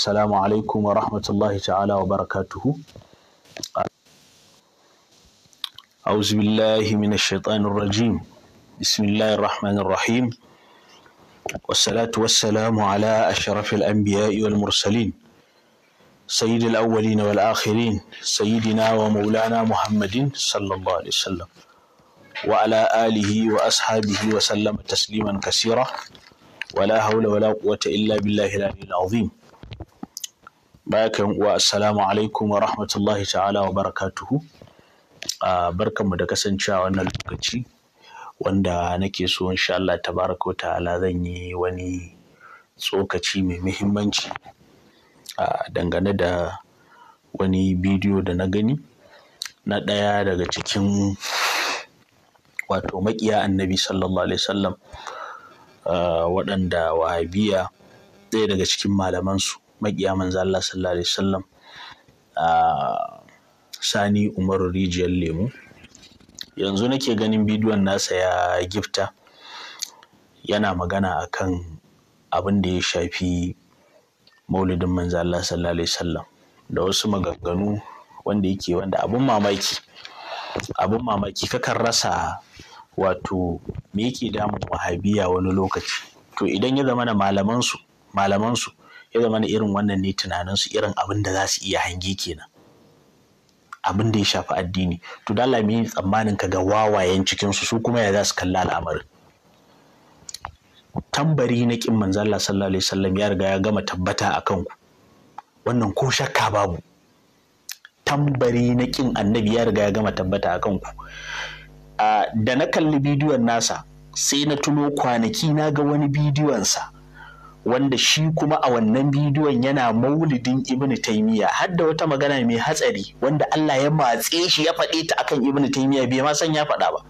Assalamu alaikum wa rahmatullahi ta'ala wa barakatuhu. Auzubillahi mina minash shaitanir rajim. Bismillahir rahmanir rahim. Wassalatu wassalamu ala ashrafil anbiya'i wal mursalin. Sayyidil awwalin wal akhirin, sayyidina wa maulana Muhammadin sallallahu alaihi wasallam. Wa ala alihi wa ashabihi wa sallama tasliman kaseera. Wala haula wala quwwata illa billahil aliyyil azim. Bayaka uwa assalamu alaikum wa rahmatullahi ta'ala wa barakatuhu. a barkanmu da kasancewa wannan lokaci wanda nake so insha Allah tabaraka wa ta'ala zan yi wani tsokaci mai muhimmanci dangane da wani bidiyo da na gani na ɗaya daga cikin wato maƙiya annabi sallallahu alaihi wasallam waɗanda wahabiya ɗaya daga cikin malamansu maƙiya manzo Allah sallallahu alaihi wasallam Sani Umaru Rijiyar Lemu yanzu nake ganin bidiyon nasa ya gifta yana magana akan abin da ya shafi maulidin manzo Allah sallallahu alaihi wasallam da wasu maganganu wanda yake wanda abun mamaki abun mamaki kakan rasa wato me yake damun wahabiya wani lokaci to idan ya zama na malamansu malamansu ya zama na irin wannan ne tunaninsu irin abin da za su iya hangi kenan abin da ya shafi addini to da Allah yi tsammanin ka ga wawayen cikinsu su kuma ya za su kalla al'amarin tambari na kin manzo Allah sallallahu alaihi wasallam ya riga ya gama tabbata a ku. wannan ko shakka babu tambari na kin annabi ya riga ya gama tabbata a ku. da na kalli bidiyon nasa sai na tuno kwanaki na ga wani bidiyon bidiyonsa wanda shi kuma a wannan bidiyon yana maulidin ibnu taimiya har da wata magana mai hatsari wanda Allah ya matse shi ya faɗe ta akan ibnu taimiya bai ma san ya faɗa ba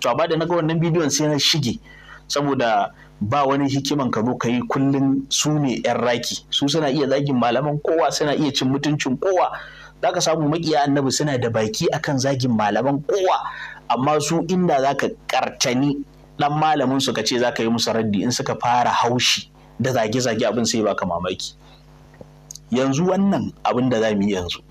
to ba da naga wannan bidiyon sai na shige saboda ba wani hikiman ka zo ka yi kullum su ne yan raki su suna iya zagin malaman kowa suna iya cin mutuncin kowa zaka samu makiya annabi suna da baki akan zagin malaman kowa amma su inda zaka kartani dan malamin su ka ce zaka yi musu raddi in suka fara haushi da zage-zage abin sai baka mamaki yanzu wannan abin da za mu yi yanzu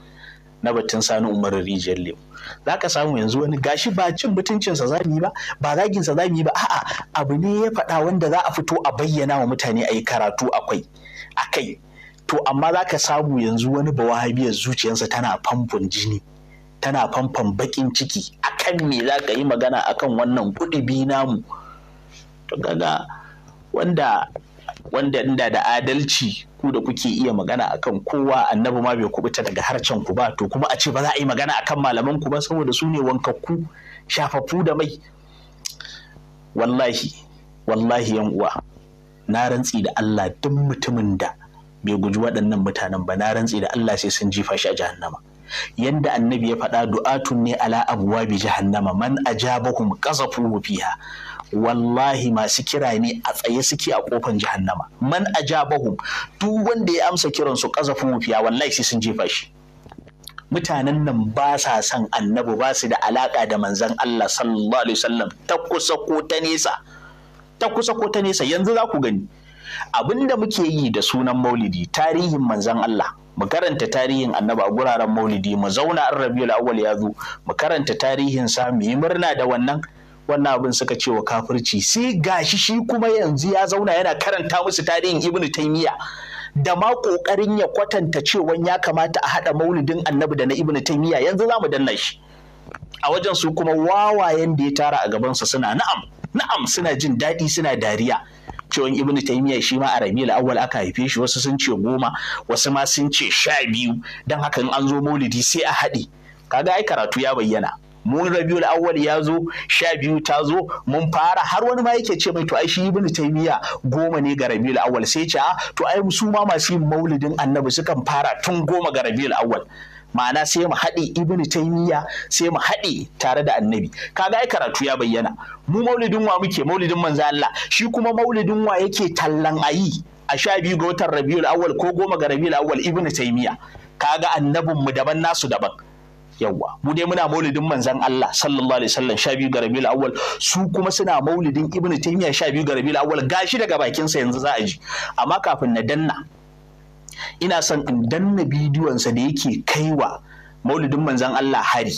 na batun sani umar rijiyar lemu za ka samu yanzu wani gashi ba cin mutuncinsa za mu yi ba ba zaginsa za mu yi ba a'a abu ne ya faɗa wanda za a fito a bayyana wa mutane a yi karatu akwai a kai to amma za ka samu yanzu wani ba wahabiya zuciyarsa tana famfon jini tana famfon bakin ciki akan me za ka yi magana akan wannan kuɗi namu to kaga wanda wanda inda da adalci ku da kuke iya magana akan kowa annabi ma bai kubuta daga harcen ku ba to kuma a ce ba za a yi magana akan malaman ku ba saboda su ne wankakku shafaffu da mai wallahi wallahi yan uwa na rantsi da Allah duk mutumin da bai guji waɗannan mutanen ba na rantsi da Allah sai sun jifa shi a jahannama yanda annabi ya faɗa du'atun ne ala abuwa bi jahannama man ajabahum qazafu fiha wallahi masu kira ne a tsaye suke a kofan jahannama man ajabahum duk wanda ya amsa kiran su kazafu mafiya wallahi sai sun jefa shi mutanen nan ba sa son annabi ba su da alaka da manzon Allah sallallahu alaihi wasallam ta kusa ko ta nesa ta kusa ko ta nesa yanzu za ku gani abinda muke yi da sunan maulidi tarihin manzon Allah mu karanta tarihin annabi a guraren maulidi mu zauna an rabiul awwal ya zo mu karanta tarihin sa mu yi murna da wannan wannan abin suka ce wa kafirci sai gashi shi kuma yanzu ya zauna yana karanta musu tarihin ibnu taymiya da ma kokarin ya kwatanta cewa ya kamata a hada maulidin annabi da na ibnu taymiya yanzu zamu danna shi a wajen su kuma wawayen da ya tara a gaban sa suna na'am na'am suna jin daɗi suna dariya cewan ibn taymiya shi ma a rabiul awwal aka haife shi wasu sun ce goma wasu ma sun ce sha biyu don haka in an zo maulidi sai a hade kaga ai karatu ya bayyana mun rabiul awwal ya zo sha biyu ta zo mun fara har wani ma yake ce mai to ai shi ibnu taymiya goma ne ga rabiul awwal sai ce ah, to ai su ma masu yin maulidin annabi sukan fara tun goma ga rabiul awwal ma'ana sai mu haɗe ibnu taymiya sai mu haɗe tare da annabi kaga ai karatu ya bayyana mu maulidin wa muke maulidin manzo Allah shi kuma maulidin wa yake tallan ayi a sha biyu ga watan rabiul awwal ko goma ga Rabi'u rabiul awwal ibnu taymiya kaga annabin mu daban nasu daban yawwa mu dai muna maulidin manzon Allah sallallahu alaihi wasallam 12 ga Rabiul Awwal su kuma suna maulidin Ibn Taymiyyah 12 ga Rabiul Awwal gashi daga bakin sa yanzu za a ji amma kafin na danna ina son in danna bidiyon sa da yake kaiwa maulidin Manzan Allah hari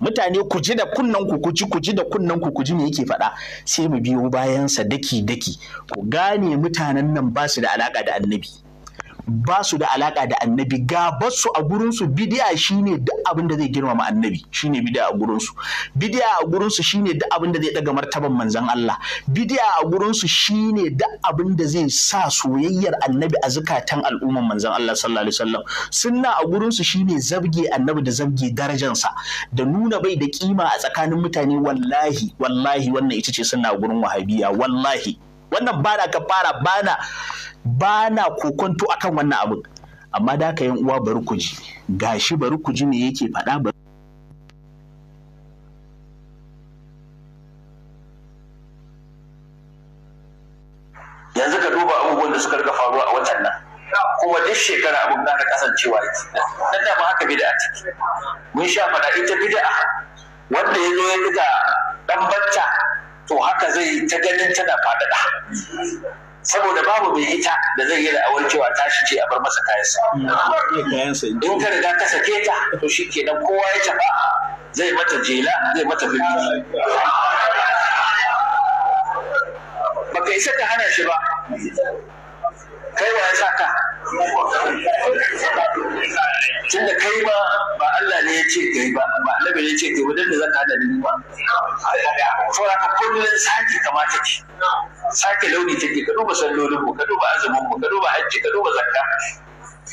mutane ku ji da kunnan ku ku ji ku ji da kunnen ku ku ji me yake faɗa sai mu biyo bayan sa daki daki ku gane mutanen nan ba su da alaka da annabi ba su da alaka da annabi ga su a gurinsu bidiya shine duk abin da zai girmama annabi shine bidiya a gurinsu bidiya a gurinsu shine duk abin da zai daga martaban manzon Allah bidiya a gurinsu shine duk abin da zai sa soyayyar annabi a zukatan al'umman manzon Allah sallallahu alaihi wasallam sunna a gurinsu shine zabge annabi da zabge darajansa da nuna bai da kima a tsakanin mutane wallahi wallahi wannan ita ce sunna a gurin wahabiya wallahi wannan bana ka fara bana ba na kokonto akan wannan abin amma da ka yan uwa bari ku ji gashi bari ku ji yake faɗa ba yanzu ka duba abubuwan da suka rika faruwa a watan nan kuma duk shekara abin da kasancewa yake dan da ba haka bid'a ce mun sha faɗa ita bid'a wanda ya zo ya diga dan bacca to haka zai ta ganin tana faɗaɗa saboda babu mai ita da zai yi ra'awar cewa tashi ce a bar masa kayansa in ka riga ka sake ta to shi kenan kowa ya tafa zai mata jela zai mata bindiki baka isa ka hana shi ba kai wa ya sa ka tunda kai ba, ba Allah ne ya ce kai ba ba Allah ne ya ce kai ba dan da zaka hada ni ba saboda ka kullun sake kamata ki sake launi take ka duba sallolin mu ka duba azumin mu ka duba hajji ka duba zakka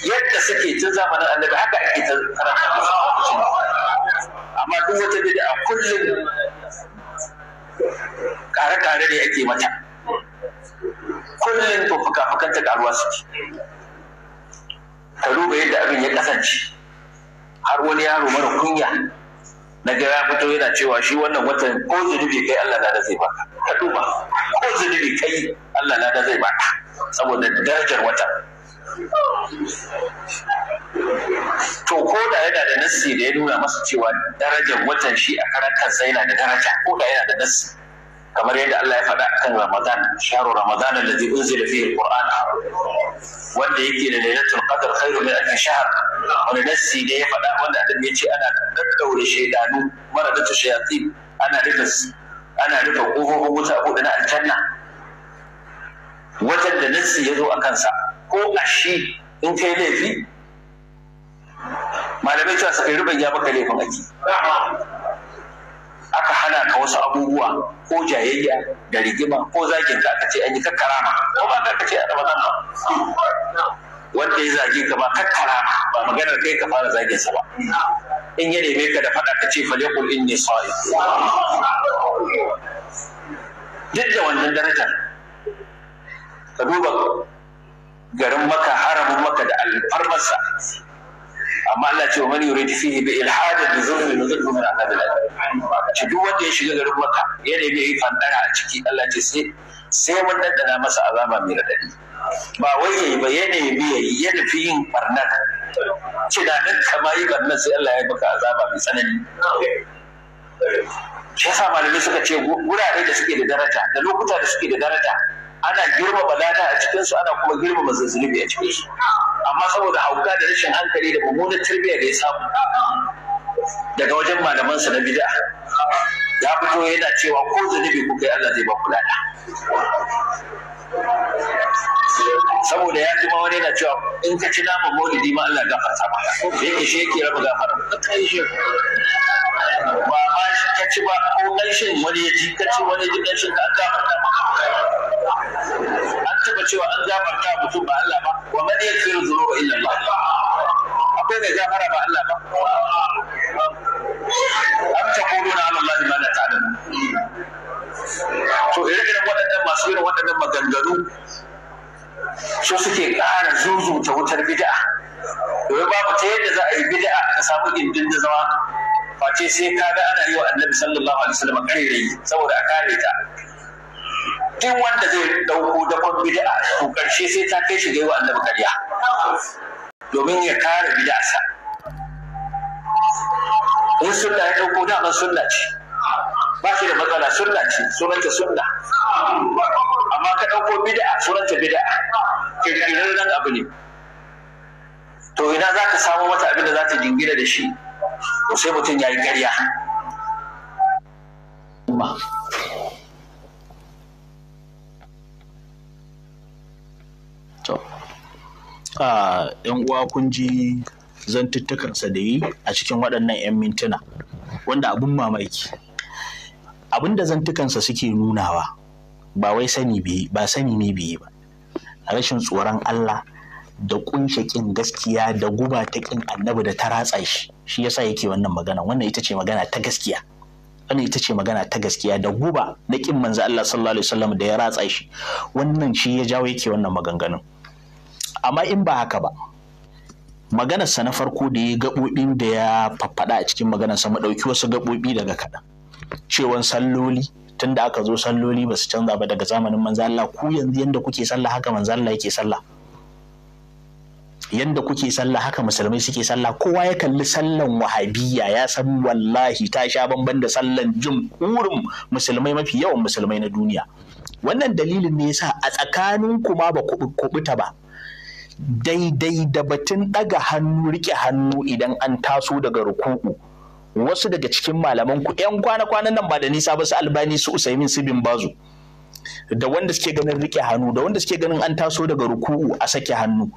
yadda suke tun zamanin annabi haka ake ta karanta amma duk wata bid'a kullun kare-kare ne ake mata kullum to fuka ta karuwa suke ka duba yadda abin ya kasance har wani yaro mara kunya na gara fito yana cewa shi wannan watan ko zunubi kai Allah na zai baka ka duba ko zunubi kai Allah na zai baka saboda darajar watan to ko da yana da nassi da ya nuna masa cewa darajar watan shi a karan kansa yana da daraja ko da yana da nassi kamar yadda Allah ya faɗa kan Ramadan sharu Ramadan alladhi unzila fihi alquran wanda yake da lailatul qadr khairu min alf shahr wani nassi da ya faɗa wanda annabi ya ce ana daddaure shaydanu maradatu shayatin ana rufe ana rufe kofofin wuta ko na aljanna wajen da nassi ya zo a kansa ko a in kai laifi malamai cewa suka ruban ya baka laifin aiki aka hana ka wasu abubuwa ko jayayya da rigima ko zagin ka aka ce an yi ma ko ba ka ce a ramadan ba wanda ya zage ka ba ma ba maganar kai ka fara zagin sa ba in ya neme ka da faɗa ka ce falekul ne sa'i duk da wannan darajar ka duba garin maka haramin maka da alfarmarsa amma Allah ce wa man yuridu fihi bi ilhadin bi zulmin nuzulhu min azabil alim ce duk wanda ya shiga garin maka ya nemi yi fandara a ciki Allah ce sai sai mun daddana masa azaba mai radadi ba wai yayi ba ya nemi yayi ya fi yin barnar ce da nan kama yi barnar sai Allah ya baka azaba mai tsanani shi yasa malamai suka ce wurare da suke da daraja da lokuta da suke da daraja ana girmama lada a cikinsu ana kuma girmama zazzabi a cikinsu amma saboda hauka da rashin hankali da mummunar tarbiyya da ya samu daga wajen malamansa na bid'a ya fito yana cewa ko zunubi ku kai Allah zai ba ku lada saboda ya ji ma wani yana cewa in ka ci nama maulidi ma Allah gafarta ba yake shi yake raba gafara ba ma ka ci ba ko ƙarshen wani ya ji ka ci wani ji ƙarshen ka an gafarta taba cewa an gafarta mutum ba Allah ba wa man yaghfiru dhunuba illa Allah akwai mai gafara ba Allah ba am taquluna ala Allah ma la ta'lamun to ire-iren waɗannan masu irin waɗannan maganganu su suke ƙara zuzuta wutar bid'a domin babu ta yadda za a yi bid'a ka samu gindin da zama face sai ka ga ana yi wa annabi sallallahu alaihi wasallam kare saboda a kare ta duk wanda zai dauko da kwan bid'a to karshe sai ta kai shi ga yawa annabi kariya domin ya kare sa. in sunna ya dauko da man sunna ce ba shi da matsala sunna ce sunanta sunna amma ka dauko bid'a sunanta bid'a kirkirarren abu ne to ina za ka samo mata abin da za ta jingina da shi to sai mutum ya yi ƙarya a ah, yan uwa kun ji zantuttukansa da yi a cikin waɗannan 'yan mintuna wanda abin mamaki abin da zantukansa suke nunawa ba wai sani ba sani ne biyi ba rashin tsoron Allah da kunshe kin gaskiya da guba ta kin annabi da ta ratsa shi shi yasa yake wannan magana wannan ita ce magana ta gaskiya wannan ita ce magana ta gaskiya da guba na kin manzo Allah sallallahu alaihi wasallam da ya ratsa shi wannan shi ya jawo yake wannan maganganun amma in ba haka ba maganarsa na farko da ya gaɓoɓin da ya faffaɗa a cikin maganarsa mu ɗauki wasu gaɓoɓi daga kaɗan cewan salloli tunda aka zo salloli ba su canza ba daga zamanin manzo ku yanzu yanda kuke sallah haka manzo yake sallah yanda kuke sallah haka musulmai suke sallah kowa ya kalli sallan wahabiyya ya san wallahi ta sha bamban da sallan jumhurin musulmai mafi yawan musulmai na duniya wannan dalilin ne yasa a tsakanin kuma ba kubuta ba daidai da batun ɗaga hannu riƙe hannu idan an taso daga ruku'u wasu daga cikin malaman ku 'yan kwana-kwanan nan ba da nisa ba su albani su usaimin su bin bazu da wanda suke ganin rike hannu da wanda suke ganin an taso daga ruku'u a sake hannu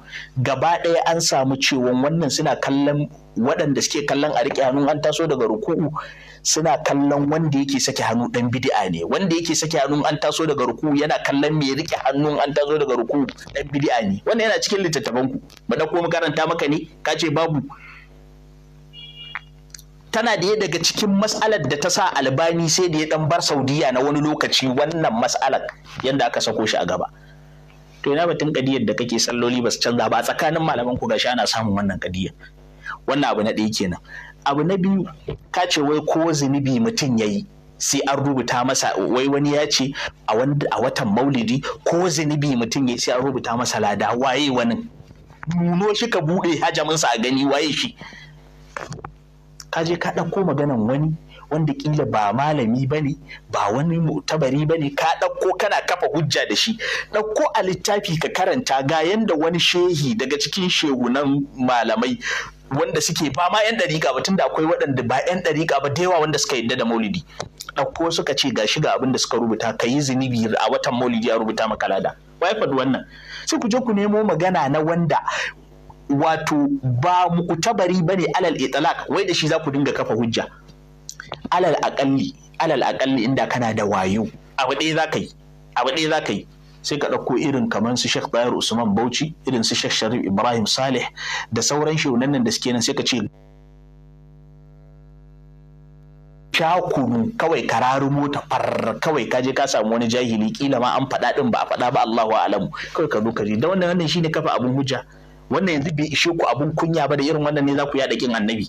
gaba ɗaya an samu cewa wannan suna kallon waɗanda suke kallon a rike hannu an taso daga ruku'u suna kallon wanda yake sake hannu dan bid'a ne wanda yake sake hannu an taso daga ruku'u yana kallon mai rike hannu an taso daga ruku'u dan bid'a ne wannan yana cikin littattafan ku ba na ko karanta maka ne ka ce babu tana da daga cikin matsalar da ta sa albani sai da ya dan bar saudiya na wani lokaci wannan matsalar yadda aka sako shi a gaba to ina batun kadiyar da kake salloli ba su canza ba tsakanin malaman ku gashi ana samun wannan kadiyar wannan abu na ɗaya kenan abu na biyu ka ce wai ko zunubi mutum ya yi sai an rubuta masa wai wani ya ce a watan maulidi ko zunubi mutum ya yi sai an rubuta masa lada waye wani nuno shi ka buɗe hajaminsa a gani waye shi ka je ka ɗauko maganan wani wanda kila ba malami ba ne ba wani mutabari ba ne ka ɗauko kana kafa hujja da shi ɗauko a littafi ka karanta ga yanda wani shehi daga cikin shehunan malamai wanda suke ba ma 'yan ɗariƙa ba tunda akwai waɗanda ba 'yan ɗariƙa ba da yawa wanda suka yadda da maulidi ɗauko suka ce ga shiga abin da suka rubuta ka yi zunubi a watan maulidi a rubuta makalada lada wai wannan sai ku je ku nemo magana na wanda wato ba tabari bane alal itlaq wai da shi za ku dinga kafa hujja alal akalli alal aƙalli inda kana da wayo abu dai za ka yi abu dai za ka yi sai ka ɗauko irin kamar su Sheikh Bayar Usman Bauchi irin su Sheikh Sharif Ibrahim Saleh da sauran shehunan nan da suke nan sai ka ce sha kunu kawai kararu mota far kawai kaje ka samu wani jahili kila ma an faɗa ɗin ba a faɗa ba Allahu a'lamu kawai ka zo ka je da wannan wannan shine kafa abun hujja wannan yanzu bai ishe ku abun kunya ba da irin wannan ne za ku yaɗa kin annabi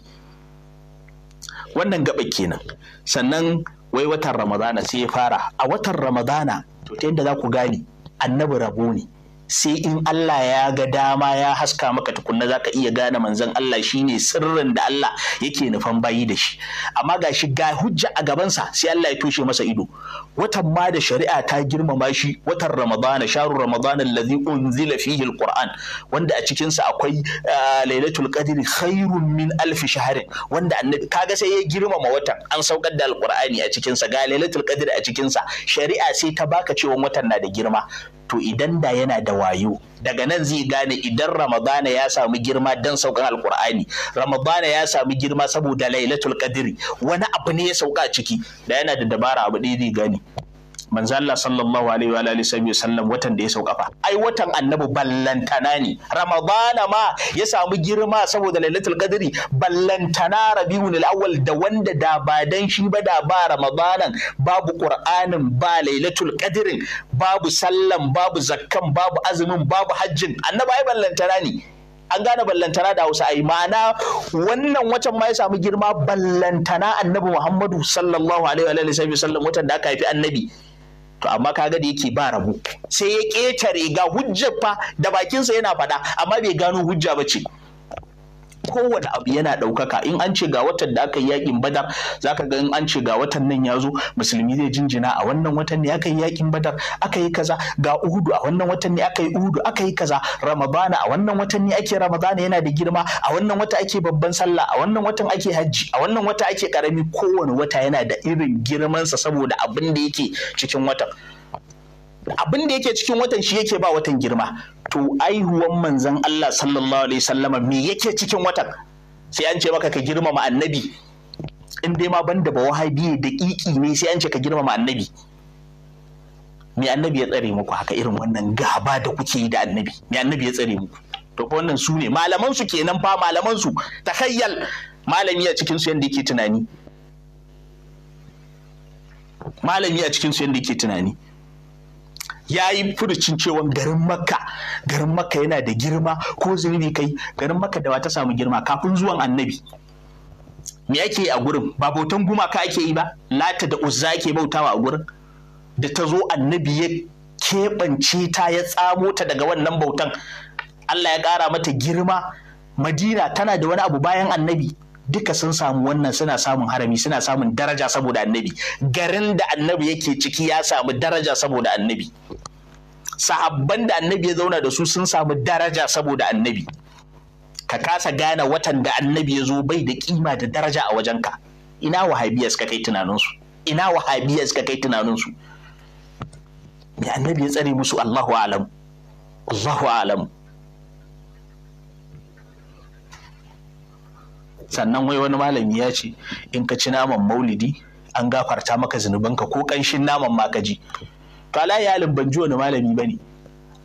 wannan gaba kenan sannan wai watan ramadana sai ya fara a watan ramadana to ta yadda za ku gane annabi rabo ne sai in Allah ya ga dama ya haska maka tukunna za ka iya gane manzon Allah shine sirrin da Allah yake nufan bayi da shi amma ga shi ga hujja a gabansa sai Allah ya toshe masa ido watan ma da shari'a ta girmama shi watan ramadana sharu ramadana lazi unzila fihi alquran wanda a cikin sa akwai ah, lailatul qadri khairun min alf shahrin wanda annabi kaga sai ya girmama watan an saukar da alqurani a cikin sa ga lailatul qadri a cikin sa shari'a sai ta baka cewa watan na da girma to idan da yana da wayo daga nan zai gane idan ramadana ya samu girma dan saukan alkur'ani ramadana ya samu girma saboda lailatul qadri wani abu ne ya sauka ciki da yana da dabara abu ne zai gane manzo Allah sallallahu alaihi wa alihi sallam watan da ya saukafa fa ai watan annabi ballantana ne ramadana ma ya samu girma saboda lailatul qadri ballantana rabiul awwal da wanda da ba dan shi ba da ba ramadanan babu qur'anin ba lailatul qadrin babu sallan babu zakkan babu azumin babu hajjin annabi ai ballantana ne an gane ballantana da hausa ai ma'ana wannan watan ma ya samu girma ballantana annabi muhammadu sallallahu alaihi wa sallam watan da aka haifi annabi to amma kaga da yake ba rabu sai ya ƙetare ga hujjar fa da bakinsa yana faɗa amma bai gano hujja ba ce kowane abu yana ɗaukaka in an ce ga watan da aka yi yakin badar zaka ga in an ce ga watan nan ya zo musulmi zai jinjina a wannan watan ne aka yi yakin badar aka yi kaza ga uhudu a wannan watan ne aka yi uhudu aka yi kaza ramadana a wannan watan ne ake ramadana yana da girma a wannan wata ake babban sallah a wannan watan ake hajji a wannan wata ake karami kowane wata yana da irin girmansa saboda abin da yake cikin watan abin da yake cikin watan shi yake ba watan girma to aihuwan manzan Allah sallallahu alaihi sallama me yake cikin watan sai an ce maka ka girmama annabi in dai ma banda ba wahabi da kiki ne sai an ce ka girmama annabi me annabi ya tsare muku haka irin wannan gaba da kuke yi da annabi me annabi ya tsare muku to fa wannan su ne malaman su kenan fa malaman su takhayyal malami a cikin su yanda yake tunani malami a cikin su yanda yake tunani ya yi furucin cewa garin makka garin makka yana da girma ko zunubi kai garin makka da ba ta samu girma kafin zuwan annabi me ake yi a gurin ba bautan gumaka ake yi ba lata da uzza ake bautawa a gurin da ta zo annabi ya keɓance ta ya tsamo ta daga wannan bautan Allah ya ƙara mata girma Madina tana da wani abu bayan annabi duka sun samu wannan suna samun harami suna samun daraja saboda annabi garin da annabi yake ciki ya samu daraja saboda annabi sahabban da annabi ya zauna da su sun samu daraja saboda annabi ka kasa gane watan da annabi ya zo bai da kima da daraja a wajenka ina wahabiya suka kai tunaninsu ina wahabiya suka kai tunaninsu me annabi ya tsare musu Allahu alam Allahu alam sannan wai wani malami ya ce in ka ci naman maulidi an gafarta maka zunubanka ko kanshin naman ma ka ji to alayi yalin ban ji wani malami bane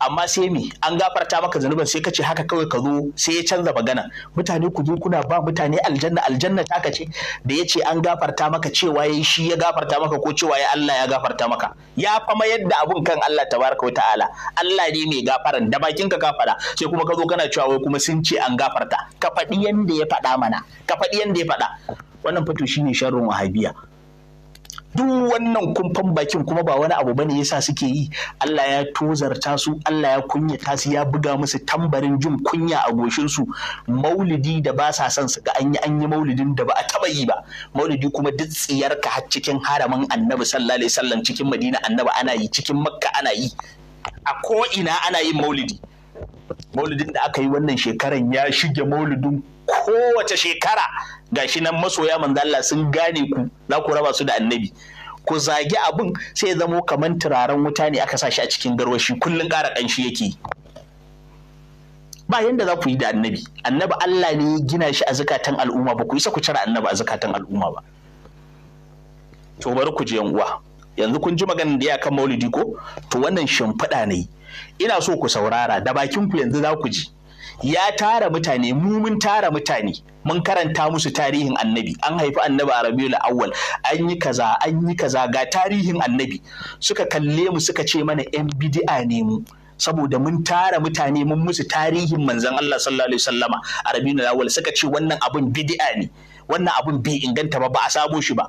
amma sai me an gafarta maka zanuban sai kace haka kawai ka zo sai ya canza magana mutane ku zo kuna ba mutane aljanna aljanna taka ce da yace an gafarta maka cewa yayi shi ya gafarta maka ko cewa ya Allah ya gafarta maka ya fa mayar da abun kan Allah tabaraka ta'ala Allah ne mai gafaran da bakin ka fada sai kuma ka zo kana cewa wai kuma sun ce an gafarta ka faɗi yanda ya faɗa mana ka faɗi yanda ya faɗa wannan fato shine sharrin wahabiya duk wannan kumfan bakin kuma ba wani abu bane yasa suke yi Allah ya tozarta su Allah ya kunyata su ya buga musu tambarin jin kunya a goshin su maulidi da ba sa son su ga an yi an yi maulidin da ba a taba yi ba maulidi kuma duk tsiyar ka har cikin haramin annabi sallallahu alaihi wasallam cikin madina annabi ana yi cikin makka ana yi a ko ina ana yin maulidi maulidin da aka yi wannan shekaran ya shige maulidin kowace shekara Ga shi nan masoya allah sun gane ku za ku raba su da annabi ku zagi abin sai ya zamo kamar turaren wuta ne aka sa shi a cikin garwashi kullum ƙara ƙanshi yake ba yanda za ku yi da annabi annabi Allah ne ya gina shi a zakatan al'umma ba ku isa ku cire annabi a zakatan al'umma ba to bari ku je yan uwa yanzu kun ji maganar da ya kan maulidi ko to wannan shimfiɗa ne ina so ku saurara da bakin ku yanzu za ku ji ya tara mutane mu mun tara mutane mun karanta musu tarihin annabi an haifi annabi a rabiul awwal an yi kaza an yi kaza ga tarihin annabi suka kalle mu suka ce mana yan bid'a ne mu saboda mun tara mutane mun musu tarihin manzon Allah sallallahu alaihi wasallama a rabiul awwal suka ce wannan abun bid'a ne wannan abun bai inganta ba ba a sabo shi ba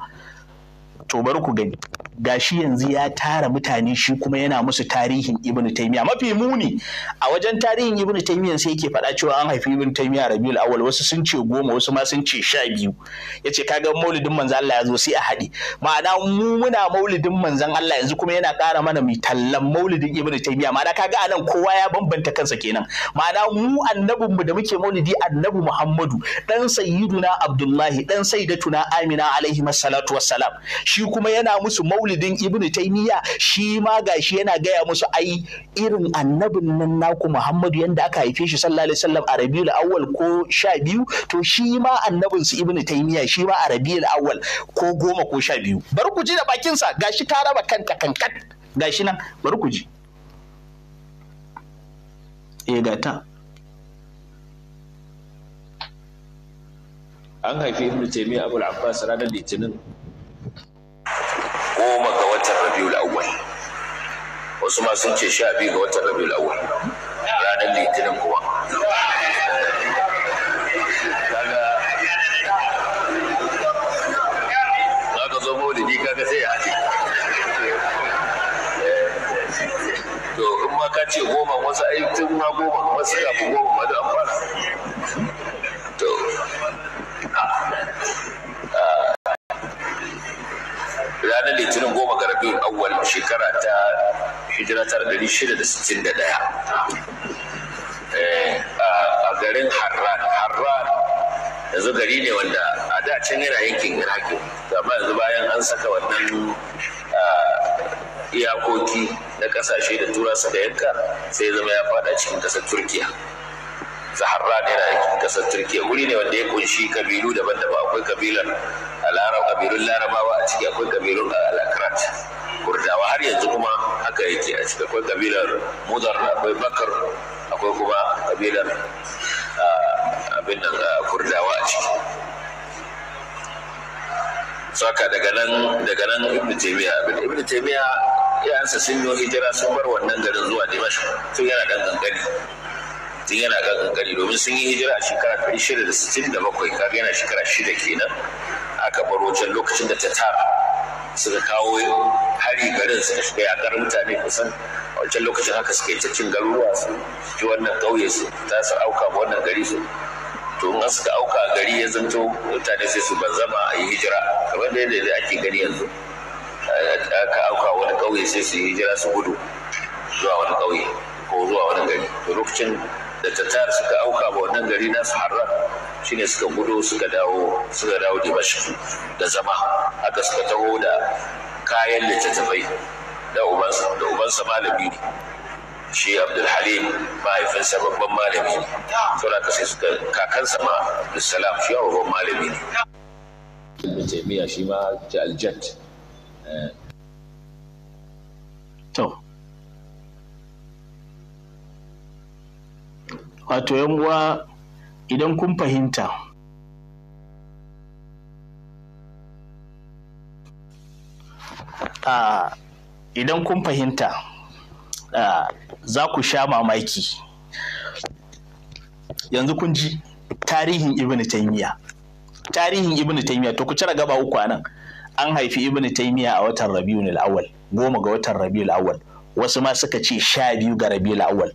to ku gani gashi yanzu ya tara mutane shi kuma yana musu tarihin ibnu taymiya mafi muni a wajen tarihin ibnu taymiya sai yake faɗa cewa an haifi ibnu taymiya rabiul awwal wasu sun ce goma wasu ma sun ce sha biyu yace kaga maulidin manzon Allah ya zo sai a haɗe ma'ana mu muna maulidin manzon Allah yanzu kuma yana ƙara mana mai tallan maulidin ibnu taymiya ma'ana kaga anan kowa ya bambanta kansa kenan ma'ana mu annabin mu da muke maulidi annabi Muhammadu dan sayyiduna Abdullahi dan sayyidatuna Amina alaihi salatu wassalam shi kuma yana musu maulidin ibnu taymiya shi ma gashi yana gaya musu ai irin annabin nan naku muhammadu yanda aka haife shi sallallahu alaihi wasallam a rabiul awwal ko sha biyu to shi ma annabin su ibnu taymiya shi ma a rabiul awwal ko goma ko sha biyu bari ku ji da bakin sa gashi ta raba kanta kankan. gashi nan bari ku ji eh gata an haifi ibnu taymiya abul abbas ranar litinin goma ga watan rabiul awal wasu ma sun ce sha biyu ga watan rabiul ya ranar litinin kuma kaga zaka zo maulidi kaga sai ya haɗe to in ma ka ce goma wasu ai tun ma goma wasu kafin goma ma da amfana ranar litinin goma ga rabiul awal shekara ta hijira ta 661 eh, a garin harran harran yanzu gari ne wanda a da can yana yankin iraki amma yanzu bayan an saka wannan iyakoki na kasashe da turasa da yanka sai zama ya fada cikin ƙasar turkiya zaharran yana cikin kasar turkiya wuri ne wanda ya kunshi kabilu daban-daban akwai kabilan kabilun larabawa a ciki akwai kabilun al'akrat kurdawa har yanzu kuma haka yake a ciki akwai kabilar mudar akwai bakar akwai kuma kabilar abin nan kurdawa a ciki saka daga nan daga nan ibn taymiya ibn ibn taymiya ya ansa sun yi hijira sun bar wannan garin zuwa dimashq tun yana dan gangani tun yana gari domin sun yi hijira a shekara ɗari shida da sittin da bakwai kaga yana shekara shida kenan aka bar wajen lokacin da ta tara suka kawo hari garin suka shiga yakar mutane kusan a wancan lokacin haka suka yi ta cin garuruwa su ji wannan ƙauye su ta su auka wannan gari su to in suka auka gari ya zanto mutane sai su banzama a yi hijira kamar da yadda ake gani yanzu eh, aka auka wani ƙauye sai su yi hijira su gudu zuwa wani ƙauye ko zuwa wani gari to lokacin da tatar suka auka ba wannan gari na harran shine suka gudo suka dawo suka dawo dimashq da zama aka suka taho da kayan littattafai da ubansa da ubansa malami ne shi abdulhalim mahaifinsa babban malami ne saboda haka sai suka kakansa ma abdulsalam shi babban malami ne ibn taymiya shi ma ta eh. to wato uwa idan kun fahimta ah, idan kun fahimta ah, za ku sha mamaki yanzu kun ji tarihin ibn taymiya tarihin ibn taymiya to ku cire gaba uku anan an haifi ibn taymiya a watan rabiul awwal goma ga watan rabiul awwal wasu ma suka ce sha biyu ga rabiul awwal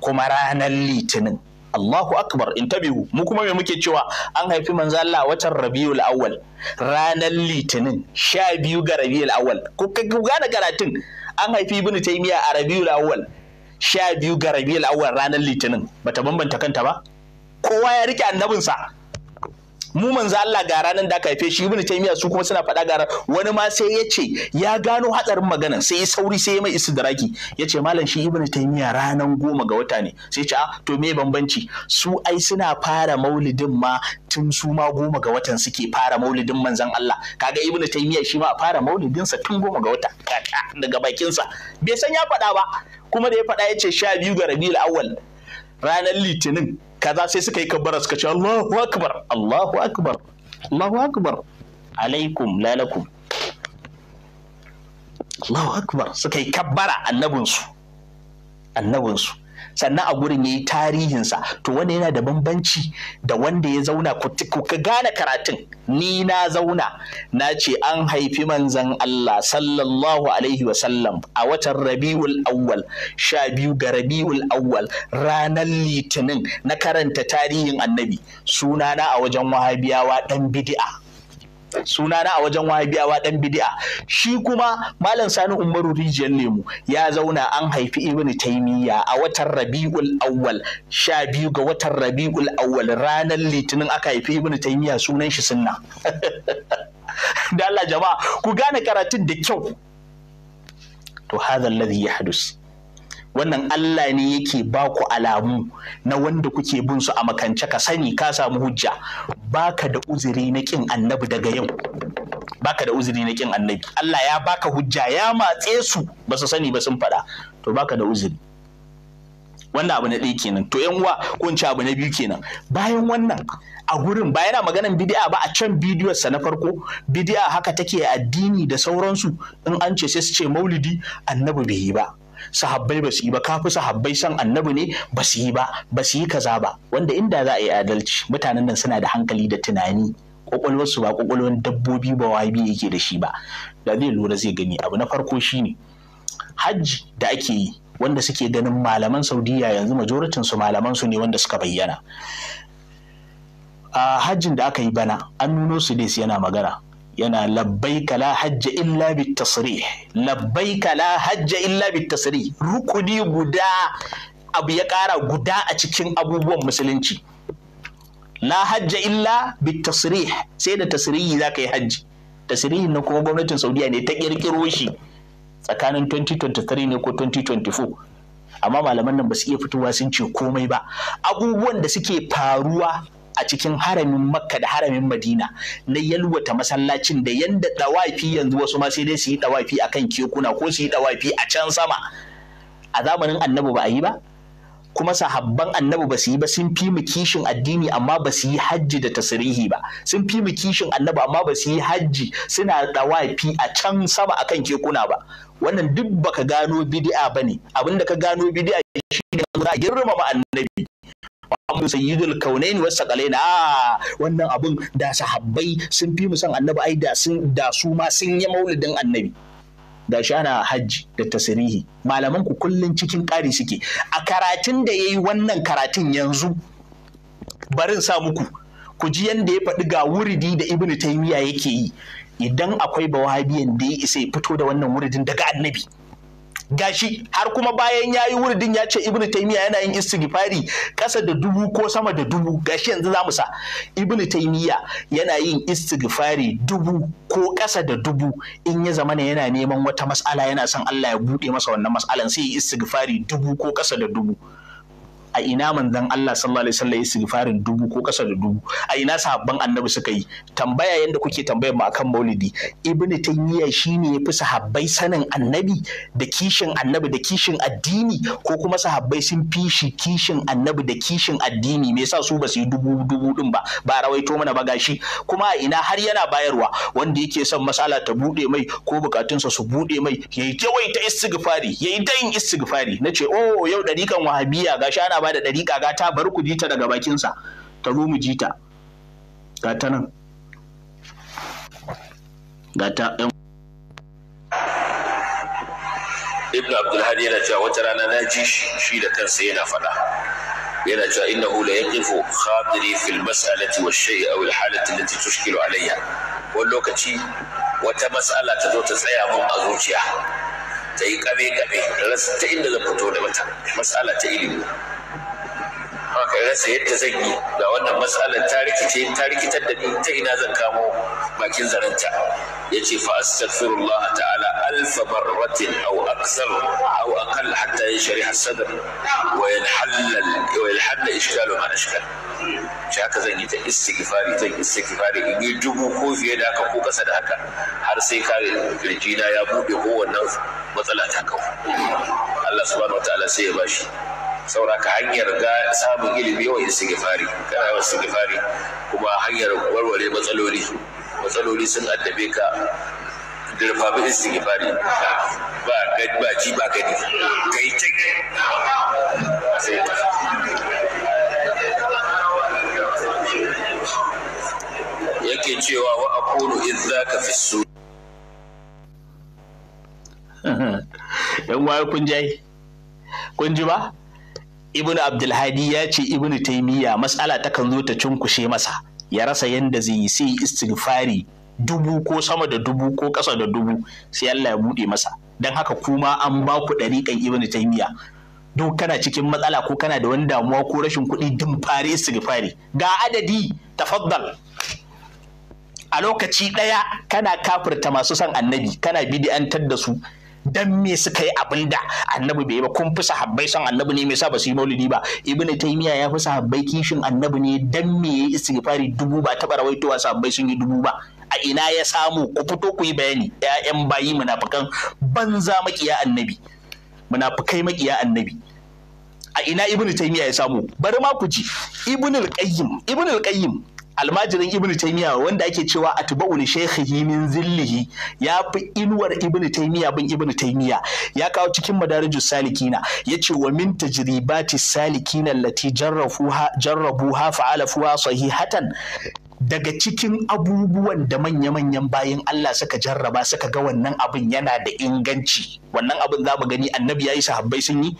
kuma ranar litinin Allahu akbar interview mu kuma me muke cewa an haifi manzo Allah watan Rabiul Awwal ranar Litinin sha biyu ga Rabiul Awwal ku gane karatun an haifi Ibn Taymiya a Rabiul sha biyu ga Rabiul Awwal ranar Litinin bata bambanta kanta ba kowa ya rike annabinsa mu manzo Allah ga ranan da aka haife ibnu taymiya su kuma suna faɗa garan. wani ma sai ya ce ya gano hatsarin magana sai ya sauri sai ya mai istidraki ya ce malam shi ibnu taymiya ranan goma ga wata ne sai ce a ah, to me bambanci su ai suna fara maulidin ma tun su ma goma ga watan suke fara maulidin manzon Allah kaga ibnu taymiya shi ma a fara sa tun goma ga wata daga bakinsa bai san ya faɗa ba kuma da ya faɗa ya ce sha biyu ga rabiul awwal ranar litinin kaza sai suka yi kabbara suka ce Allahu akbar Allahu akbar Allahu akbar alaikum lalakum Allahu akbar suka yi kabbara annabinsu annabinsu sannan a gurin yi tarihinsa to wanda yana da bambanci da wanda ya zauna ku gane karatun ni na zauna na ce an haifi manzan Allah sallallahu alaihi wasallam a watan Rabiul Awwal sha biyu ga Rabiul Awwal ranar Litinin na karanta tarihin Annabi sunana a wajen Wahabiyawa dan bidi'a. suna na a wajen wahabiyawa dan bidi'a. shi kuma malam sani umaru rijiyar lemu ya zauna an haifi ibn taimiyya a watan rabi'ul awwal sha biyu ga watan rabi'ul awwal ranar litinin aka haifi ibn taimiyya sunan shi sunna da Allah jama'a ku gane karatun da kyau to hadha alladhi yahdus wannan Allah ne yake ba ku alamu na wanda kuke bin su a makance ka sani ka samu hujja baka da uzuri na kin annabi daga yau baka da uzuri na kin annabi Allah ya baka hujja ya matse su ba su sani ba sun faɗa to baka da uzuri wannan abu na ɗaya kenan to yan uwa ko in abu na biyu kenan bayan wannan a gurin ba yana maganan bidi'a ba a can bidiyon sa na farko bidi'a haka take addini da sauransu in an ce sai su ce maulidi annabi bai yi ba sahabbai ba su yi ba kafi sahabbai san annabi ne ba su yi ba ba su yi kaza ba wanda inda za a yi adalci mutanen nan suna da hankali da tunani kwakwalwarsu ba kwakwalwar dabbobi ba wahabi yake da shi ba da zai lura zai gani abu na farko shine hajji da ake yi wanda suke ganin malaman saudiya yanzu majoritin su malaman su ne wanda suka bayyana a ah, hajjin da aka yi bana an nuno su yana magana yana labbaika la hajja illa bit tasrih labbaika la hajja illa bit rukuni guda abu ya kara guda a cikin abubuwan musulunci la hajja illa bit sai da tasrihi zaka yi hajji Tasiri na kuma gwamnatin Saudiya ne ta kirkiro shi tsakanin 2023 ne ko 2024 amma malaman nan ba su iya fitowa sun ce komai ba abubuwan da suke faruwa a cikin haramin makka da haramin madina na yalwata masallacin da yanda dawafi yanzu wasu ma sai dai su yi dawafi akan kekuna ko su yi dawafi a can sama a zamanin annabi ba a yi ba kuma sahabban annabi ba su yi ba sun fi mu kishin addini amma ba su yi hajji da tasirihi ba sun fi mu kishin annabi amma ba su yi hajji suna dawafi a can sama akan kekuna ba wannan duk baka gano bid'a bane abinda ka gano bid'a shi ne za a girmama annabi Muhammadu sayyidul kaunain was saqalain a ah, wannan abun da sahabbai sun fi mu san annabi ai da sun da su ma sun yi maulidin annabi da shi ana hajji da tasirihi malaman ku kullun cikin ƙari suke a karatun da yayi wannan karatun yanzu barin sa muku ku ji yanda ya faɗi ga wuridi da ibnu taymiya yake yi idan akwai bawabiyan da ya isa ya fito da wannan wuridin daga annabi gashi har kuma bayan ya yi wurdin ya ce ibnu taimiya yana yin istighfari ƙasa da dubu ko sama da dubu gashi yanzu za mu sa ibnu taimiya yana yin istighfari dubu ko ƙasa da dubu in ya zama ne yana neman wata mas'ala yana son Allah ya buɗe masa wannan mas'alan sai yi istighfari dubu ko kasa da dubu a ina manzon Allah sallallahu alaihi wasallam sigfarin dubu ko kasa da dubu a ina sahabban annabi suka yi tambaya yanda kuke tambayar mu akan maulidi ibnu taymiya shine fi sahabbai sanin annabi da kishin annabi da kishin addini ko kuma sahabbai sun fi shi kishin annabi da kishin addini me yasa su ba su yi dubu dubu din ba ba rawaito mana ba gashi kuma a ina har yana bayarwa wanda yake son masala ta bude mai ko bukatunsa su bude mai yayi ta istighfari yayi dan istighfari nace oh yau kan wahabiya gashi ana ba da ɗariƙa gata bar ku jita daga bakinsa ta mu jita Ga ta nan ga ta ɗan ibn abdulhadi yana cewa wata rana na ji shi da kansa yana faɗa yana cewa innahu la yaqifu khadiri fil mas'alati wa shay'i aw al halati allati tushkilu alayya wani lokaci wata mas'ala ta zo ta tsaya mun a zuciya ta yi kame kame ta inda zan fito da mata mas'ala ta ilimi maka rasa yadda zan yi ga wannan matsalar ta rikice ta rikitar da ni ta ina zan kamo bakin zaranta yace fa astaghfirullah ta'ala alf marratin aw aksar aw aqall hatta yashri sadr wa yanhall wa yanhall ishkalu ma ashkal shi haka zan yi ta istighfari zan istighfari in yi dubu ko fiye da haka ko kasa da haka har sai ka kirjina ya bude kowannan matsala ta kawo Allah subhanahu Ta'ala sai ya bashi sauraka hanyar ga samun ilimi yawan istighfari kana yawan istighfari kuma hanyar warware matsaloli matsaloli sun addabe ka dirfafi istighfari ba gani ba ji ba gani kai cik yake cewa wa aqulu idzaka fi su yan waye kun jai kun ji ba ibn abdulhadi ya ce ibn taimiyya matsala takan zo ta cunkushe masa ya rasa yanda zai yi sai istighfari dubu ko sama da dubu ko ƙasa da dubu sai Allah ya buɗe masa don haka kuma an ba ku ɗariƙan ibn taimiyya duk kana cikin matsala ko kana da wani damuwa ko rashin kuɗi din fare istighfari ga adadi tafaddal a lokaci ɗaya kana kafirta masu son annabi kana bidi'antar da su dan me suka yi abin da annabi bai ba kun fi sahabbai son annabi ne me yasa ba su yi maulidi ba ibnu taymiya ya fi sahabbai kishin annabi ne dan me yayi istighfari dubu ba taba rawaitowa sahabbai sun yi dubu ba a ina ya samu ku fito ku yi bayani ƴaƴan bayi munafikan banza makiya annabi munafikai makiya annabi a ina ibnu taymiya ya samu bari ma ku ji ibnu al-qayyim ibnu al almajirin ibnu taymiya wanda ake cewa atba'u li shaykhihi min zillihi ya fi inuwar ibnu taymiya bin ibnu taymiya ya kawo cikin madarijus salikina Ya ce wa min tajribati salikina allati jarrafuha jarrabuha fa'alafuha sahihatan daga cikin abubuwan da manya-manyan bayan Allah suka jarraba suka ga wannan abin yana da inganci wannan abin za mu gani annabi ya yi sahabbai sun yi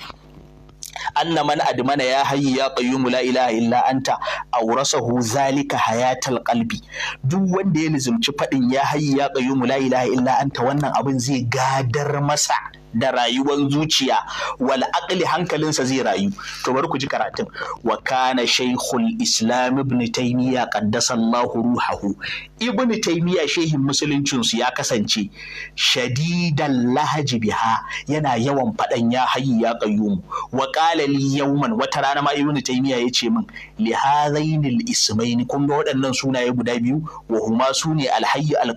anna man admana ya hayyu ya qayyumu la ilaha illa anta awrasahu zalika hayatal qalbi duk wanda ya nizumci fadin ya hayyu ya qayyumu la ilaha illa anta wannan abin zai gadar masa da rayuwar zuciya wal aqli hankalinsa zai rayu to bari ku ji karatun wa kana shaykhul islam ibn taymiya qaddasallahu ruhahu ibn taymiya shehin musuluncin su ya kasance shadidan lahaji biha yana yawan fadan ya hayyu ya qayyum wa qala li yawman wata rana ma ibn taymiya yace min li hadainil ismaini kun ga waɗannan sunaye guda biyu wa huma sune al hayyu al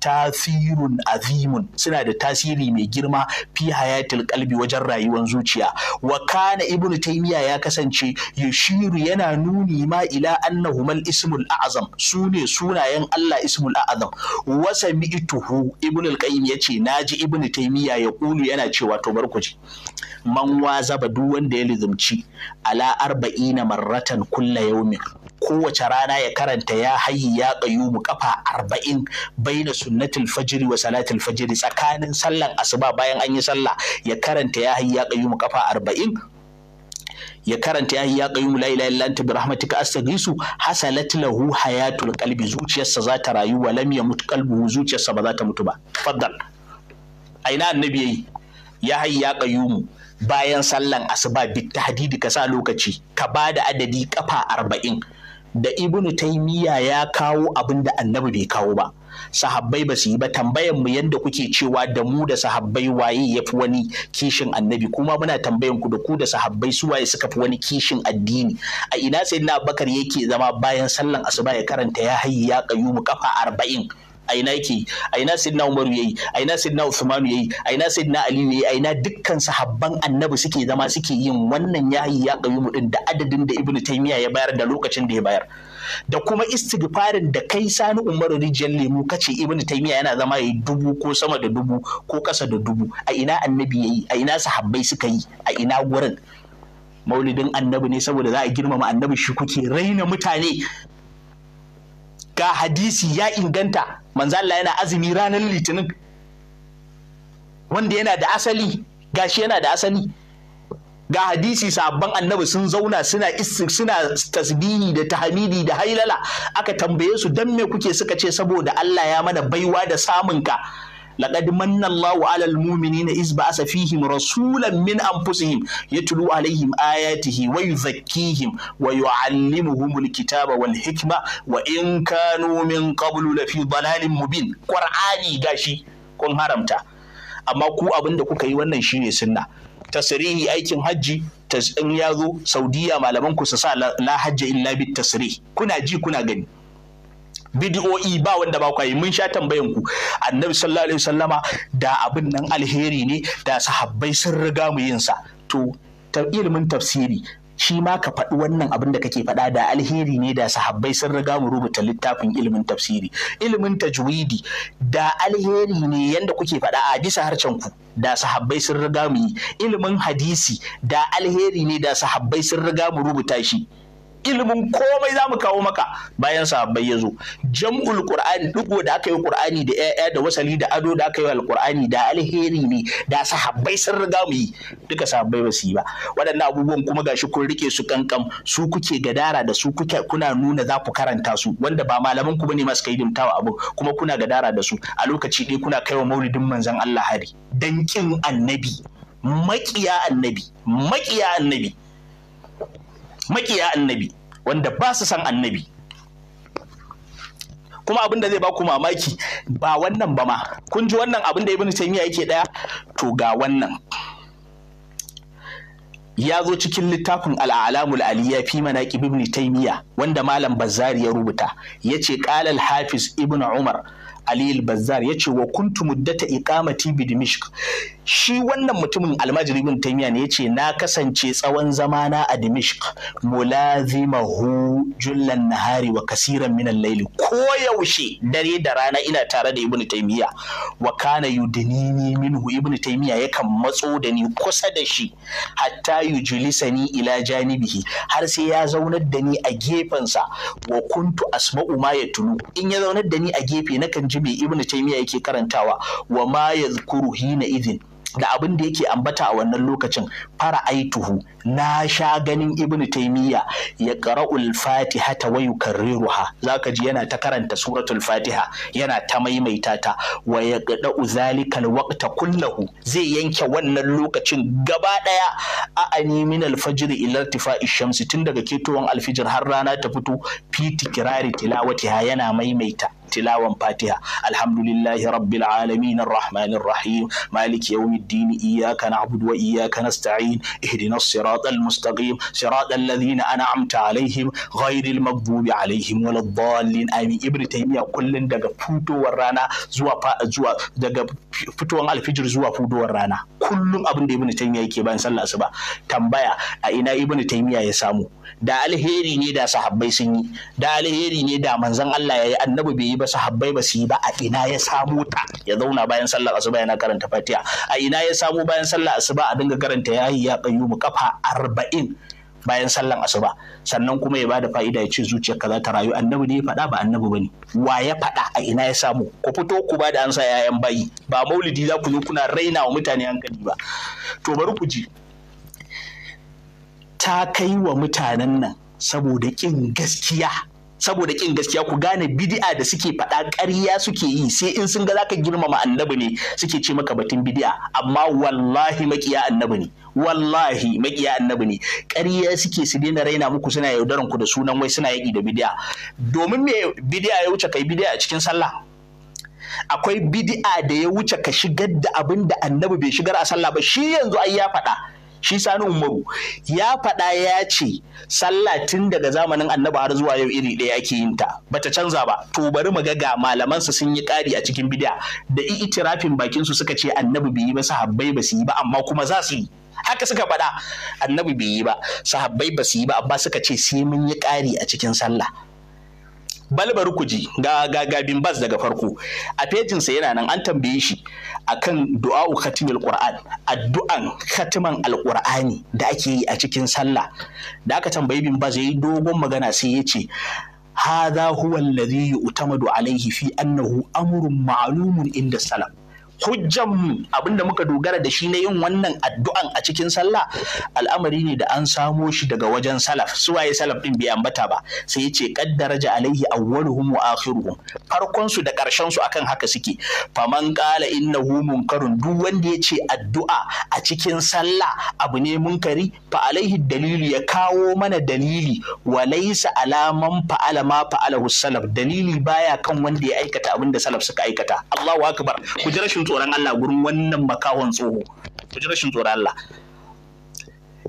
tasirun azimun suna da tasiri mai girma zama fi hayatil kalbi wajen rayuwar zuciya wa kana ibnu taymiya ya kasance yashiru yana nuni ma ila annahumal ismul a'zam sune sunayen Allah ismul a'zam wa sami'tuhu ibnu al-qayyim yace naji ibnu taymiya ya kulu yana cewa to barkuji man wazaba duk wanda ya lizumci ala arba'ina marratan kulla yaumin kowace rana ya karanta ya hayyi ya qayyumu kafa arba'in baina sunnatul fajiri wa salatul fajiri tsakanin sallan asuba bayan an yi sallah ya karanta ya hayyi ya qayyumu kafa arba'in ya karanta ya ya qayyum la ilaha illa anta bi rahmatika astaghisu hasalat lahu hayatul qalbi zuciyarsa za ta rayu wa lam yamut qalbuhu zuciyarsa ba za ta mutu ba faddal aina annabi yayi ya hayy ya qayyum bayan sallan asuba bi tahdidi ka sa lokaci ka bada adadi kafa arba'in da ibnu taimiyya ya kawo abin da annabi bai kawo ba sahabbai ba su yi ba tambayan mu yadda kuke cewa da mu da sahabbai waye ya fi wani kishin annabi kuma muna tambayan ku da ku da sahabbai su waye suka fi wani kishin addini a ina sayyidina abubakar yake zama bayan sallan asuba ya karanta ya hayya ya kayyumu kafa arba'in a ina yake a ina sidna umaru yayi a ina sidna usmanu yayi a ina sidna aliyu yayi a ina dukkan sahabban annabi suke zama suke yin wannan yayi ya mu din da adadin da ibnu taymiya ya bayar da lokacin da ya bayar da kuma istighfarin da kai sani umaru rijiyar lemu kace ibnu taymiya yana zama yayi dubu ko sama da dubu ko kasa da dubu a ina annabi yayi a ina sahabbai suka yi a ina gurin maulidin annabi ne saboda za a girmama annabi shi kuke raina mutane ga hadisi ya inganta manzo yana azumi ranar litinin wanda yana da asali gashi yana da asali ga hadisi sabban annabi sun zauna suna tasbihi da tahmidi da hailala aka tambaye su dan me kuke suka ce saboda Allah ya mana baiwa da samunka ka laqad manna Allahu 'alal mu'minina iz ba'asa fihim rasulan min anfusihim yatlu 'alaihim ayatihi wa yuzakkihim wa yu'allimuhumul kitaba wal hikma wa in kanu min qablu lafi dalalin mubin qur'ani gashi kun haramta amma ku abinda kuka yi wannan shine sunna tasrihi aikin hajji in ya zo saudiya malaman ku su sa la hajja illa bit tasrih kuna ji kuna gani bidiyo'i ba wanda ba kwayi mun sha tambayan ku annabi sallallahu alaihi wasallama da abin nan alheri ne da sahabbai sun riga mu yin sa to ilimin tafsiri shi ma ka faɗi wannan abin da kake faɗa da alheri ne da sahabbai sun riga mu rubuta littafin ilimin tafsiri ilimin tajwidi da alheri ne yanda kuke faɗa a bisa harshen ku da sahabbai sun riga mu yi ilimin hadisi da alheri ne da sahabbai sun riga mu rubuta shi ilimin komai za mu kawo maka bayan sahabbai ya zo jam'ul qur'ani dugo da aka yi qur'ani da yaya da wasali da ado da aka yi alqur'ani da alheri ne da sahabbai sun riga mu yi duka sahabbai ba su yi ba waɗannan abubuwan kuma gashi kun rike su kankan su kuke gadara da su kuke kuna nuna za ku karanta su wanda ba malaman ku bane masu kai dimtawa abu kuma kuna gadara da su a lokaci ɗaya kuna kaiwa maulidin manzon Allah hari dan kin annabi maƙiya annabi maƙiya annabi makiya annabi wanda ba su san annabi kuma abin da zai ba ku mamaki ba wannan ba ma kun ji wannan abin da Ibn taymiya yake daya to ga wannan ya zo cikin littafin al'alamul aliyya fi manaqib ibn taymiya wanda malam bazzari ya rubuta yace qala al hafiz ibnu umar Ali bazzar ya ce wa kuntu muddata iqamati bi Dimishq shi wannan mutumin almajiri bin taimiya ne ya ce na kasance tsawon zamana a Dimishq mulazimahu jullan hari wa kasiran min al-layli ko yaushe dare da rana ina tare da ibn Taymiyyah wa kana yudinini minhu ibn ya yakan matso da ni kusa da shi hatta yujlisani ila janibihi har sai ya zaunar da ni a gefensa wa kuntu asma'u ma yatulu in ya zaunar da ni a gefe nakan ji al'ajabi ibnu taymiya yake karantawa wa ma yadhkuru hina idhin da abin da yake ambata a wannan lokacin fara aituhu na sha ganin ibnu taymiya ya qara'ul fatiha ta wa yukarriruha zaka ji yana ta karanta suratul fatiha yana ta maimaita ta wa yaqda'u zalikal waqta kullahu zai yanke wannan lokacin gaba daya a ani min fajr ila irtifa'i shamsi tun daga ketowan alfijir har rana ta fito fi tikrari tilawatiha yana maimaita tilawan fatiha alhamdulillahi rabbil alamin arrahmanir rahim maliki yawmiddin iyyaka na'budu wa iyyaka nasta'in ihdinas siratal mustaqim siratal ladzina an'amta alaihim ghairil maghdubi alaihim waladdallin amin ibnu taymiya kullun daga fitowar rana zuwa zuwa daga fitowar alfijir zuwa fitowar rana kullum abin da ibnu taymiya yake bayan sallah asuba tambaya a ina ibnu taymiya ya samu da alheri ne da sahabbai sun yi da alheri ne da manzon Allah yayi annabi bai yi ba sahabbai ba su yi ba a ina ya samu ta ya zauna bayan sallar asuba yana karanta fatiha a ina ya samu bayan sallar asuba a dinga karanta yayi ya mu kafa arba'in bayan sallar asuba sannan kuma ya bada fa'ida ya ce zuciyarka za ta rayu annabi ne ya faɗa ba annabi bane wa ya faɗa a ina ya samu ku fito ku ba da ansa yayan bayi ba maulidi za ku zo kuna raina wa mutane hankali ba to bari ku ji ta kai wa mutanen nan saboda kin gaskiya saboda kin gaskiya ku gane bid'a da suke faɗa ƙarya suke yi sai in sun ga zaka girmama annabi ne suke ce maka batun bid'a amma wallahi makiya annabi ne wallahi makiya annabi ne ƙarya suke su daina raina muku suna yaudaran ku da sunan wai suna yaƙi da bid'a domin me bid'a ya wuce kai bid'a a cikin sallah akwai bid'a da ya wuce ka shigar da abin da annabi bai shigar a sallah ba shi yanzu ai ya faɗa shi sani umaru ya faɗa ya ce sallah tun daga zamanin annabi har zuwa yau iri ɗaya ake yin ta bata canza ba to bari mu ga malaman su sun yi ƙari a cikin bid'a da itirafin bakin su suka ce annabi bai yi ba sahabbai ba su yi ba amma kuma za su yi haka suka faɗa annabi bai yi ba sahabbai ba su yi ba amma suka ce sai mun yi ƙari a cikin sallah balbar kuji ga ga gabin bas daga farko a fejin sa yana nan an tambaye shi akan du'a du'a'u khatimul qur'an addu'an khatiman alqur'ani da ake yi a cikin sallah da aka tambayi bin bas yayi dogon magana sai ya ce hadha huwa alladhi yu'tamadu alayhi fi annahu amrun ma'lumun inda salam? hujjan mu abinda muka dogara da shi na yin wannan addu'an a cikin sallah al'amari ne da an samo shi daga wajen salaf su waye salaf din bai ambata ba sai ya ce qaddaraja alaihi awwaluhum wa akhiruhum farkon su da karshen su akan haka suke faman qala innahu munkarun duk wanda ya ce addu'a a cikin sallah abu ne munkari fa alaihi dalili ya kawo mana dalili wa laysa alaman fa'ala ma fa'alahu salaf dalili baya kan wanda ya aikata abinda salaf suka aikata Allahu akbar ku ji rashin tsoron Allah gurin wannan makahon tsoho ku ji rashin tsoron Allah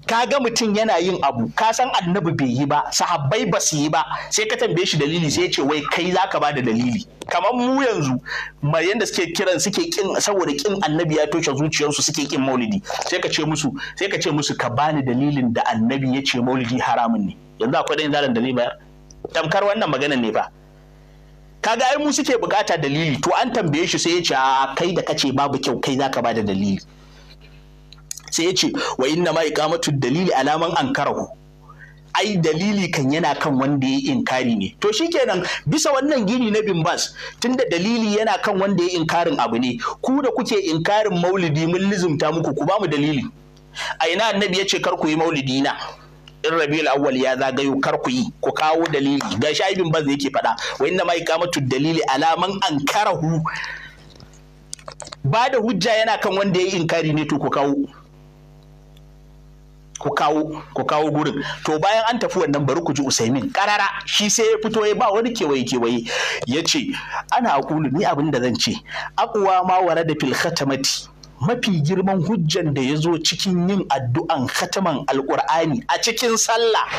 ka ga mutum yana yin abu ka san annabi bai yi ba sahabbai ba su yi ba sai ka tambaye shi dalili sai ya ce wai kai zaka ba da dalili kamar mu yanzu mai yanda suke kiran suke kin saboda kin annabi ya toshe zuciyarsu suke kin maulidi sai ka ce musu sai ka ce musu ka bani dalilin da annabi ya ce maulidi haramun ne yanzu akwai dan zalan da ba tamkar wannan magana ne ba. kaga ai mu suke bukata dalili to an tambaye shi sai ya ce kai da kace babu kyau kai zaka bada dalili sai ya ce wa inna ma iqamatu dalili alaman ankarahu ai dalili kan yana kan wanda ya inkari ne to shikenan bisa wannan gini na bimbas tunda dalili yana kan wanda ya inkarin abu ne ku da kuke inkarin maulidi mun lizumta muku ku ba mu dalili a ina annabi ya ce kar ku yi maulidi na in rabiul awwal ya zagayo kar ku yi ku kawo dalili ga shaibin baz yake faɗa wa inna ma iqamatu dalili alaman ankarahu ba da hujja yana kan wanda ya inkari ne to ku kawo ku kawo ku kawo gurin to bayan an tafi wannan bari ku ji usaimin karara shi sai ya fito ya ba wani kewaye kewaye ya ce ana aqulu ni abin da zan ce aqwa ma warada fil khatamati mafi girman hujjan da ya zo cikin yin addu'an khataman alƙur'ani a cikin sallah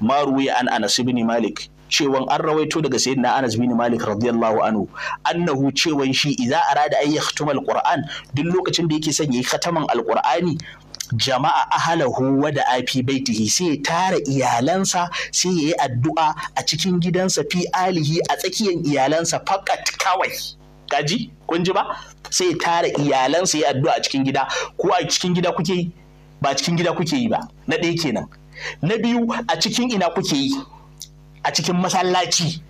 maruwi an anas ibn malik cewan an rawaito daga sayyidina anas bin malik radiyallahu anhu annahu cewan shi idza arada an yakhtuma alquran duk lokacin da yake son yayi khataman alqurani jama'a ahalahu wa da afi baitihi sai ya tara iyalansa sai ya yi addu'a a cikin gidansa fi alihi a tsakiyar iyalansa fakat kawai kaji kun ji ba sai ya tara iyalansa ya addu'a a cikin gida ko a cikin gida kuke yi ba cikin gida kuke yi ba na ɗaya kenan na biyu a cikin ina kuke yi a cikin masallaci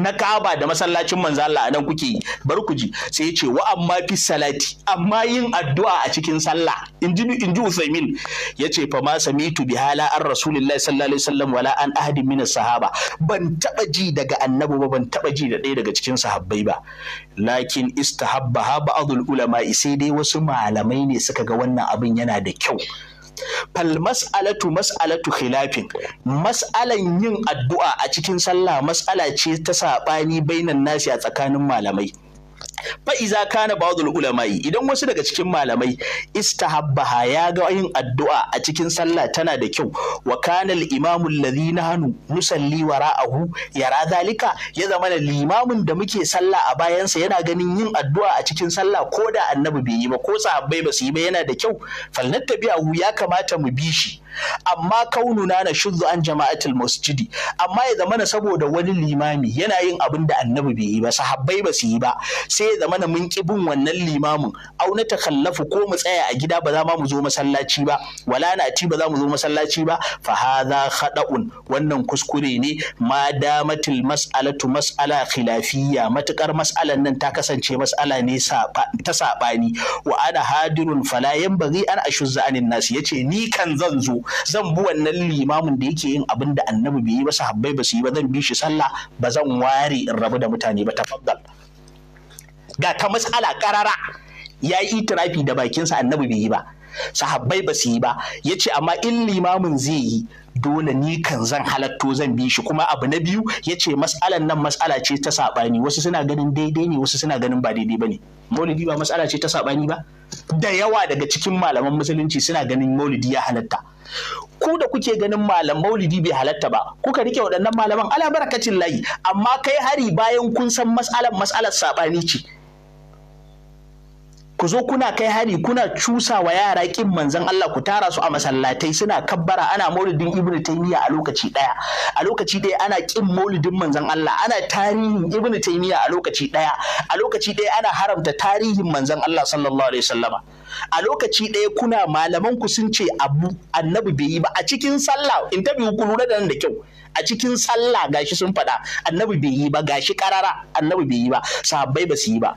na Ka'aba da masallacin manzo Allah nan kuke yi bar ku ji sai ya ce wa amma fi salati amma yin addu'a a cikin sallah inji inji Usaimin yace fa ma samitu bi hala an rasulullahi sallallahu alaihi wasallam wala an ahadin min sahaba ban taba ji daga annabi ba ban taba ji da ɗaya daga cikin sahabbai ba lakin istahabba ba'dul ulama sai dai wasu malamai ne suka ga wannan abin yana da kyau fal mas'alatu mas'alatu khilafin mas'alan yin addu'a a cikin sallah mas'ala ce ta saɓani bainan nasi a tsakanin malamai fa iza kana ba'dul ulama'i idan wasu daga cikin malamai istahabbaha ya ga yin addu'a a cikin sallah tana da kyau wa kana al-imamu alladhi nahnu nusalli wara'ahu yara zalika ya zama da limamin da muke sallah a bayansa yana ganin yin addu'a a cikin sallah ko da annabi bai yi ba ko sahabbai ba su yi ba yana da kyau falnattabi'ahu ya kamata mu bi shi amma kaununa na shuddu an jama'atul masjidi amma ya zamana saboda wani limami yana yin abin da annabi bai yi ba sahabbai ba su yi ba sai ya zamana mun ki bin wannan limamin au na takallafu ko mu tsaya a gida ba za mu zo masallaci ba wala na ci ba za mu zo masallaci ba fa hadha khada'un wannan kuskure ne ma damatil mas'alatu mas'ala khilafiyya matukar mas'alan nan ta kasance mas'ala ne ta sabani wa ana hadirun fala yanbaghi an ashuzza anin nasi yace ni kan zan zo zan bi wannan limamin da yake yin abin da annabi bai yi ba sahabbai ba su yi ba zan bi shi sallah ba zan ware in rabu da mutane ba tafaddal ga ta matsala karara ya yi itirafi da bakinsa annabi bai yi ba sahabbai ba su yi ba ya ce amma in limamin zai yi dole ni kan zan halatto zan bi shi kuma abu na biyu ya ce mas'alan nan mas'ala ce ta saɓani wasu suna ganin daidai ne wasu suna ganin ba daidai ba ne maulidi ba mas'ala ce ta saɓani ba da yawa daga cikin malaman musulunci suna ganin maulidi ya halatta ku da kuke ganin malam maulidi bai halatta ba kuka rike waɗannan malaman ala barakacin layi amma kai hari bayan kun san mas'alan mas'alar saɓani ce ku zo kuna kai hari kuna cusa wa yara kin manzon Allah ku tara su a masallatai suna kabbara ana maulidin ibnu taymiya a lokaci daya a lokaci daya ana kin maulidin manzon Allah ana tarihin ibnu taymiya a lokaci daya a lokaci daya ana haramta tarihin manzon Allah sallallahu alaihi wasallama a lokaci ɗaya kuna malaman ku sun ce abu annabi bai yi ba a cikin sallah in ta biyu ku lura da nan da kyau a cikin sallah gashi sun faɗa annabi bai yi ba gashi karara annabi bai yi ba sahabbai ba su yi ba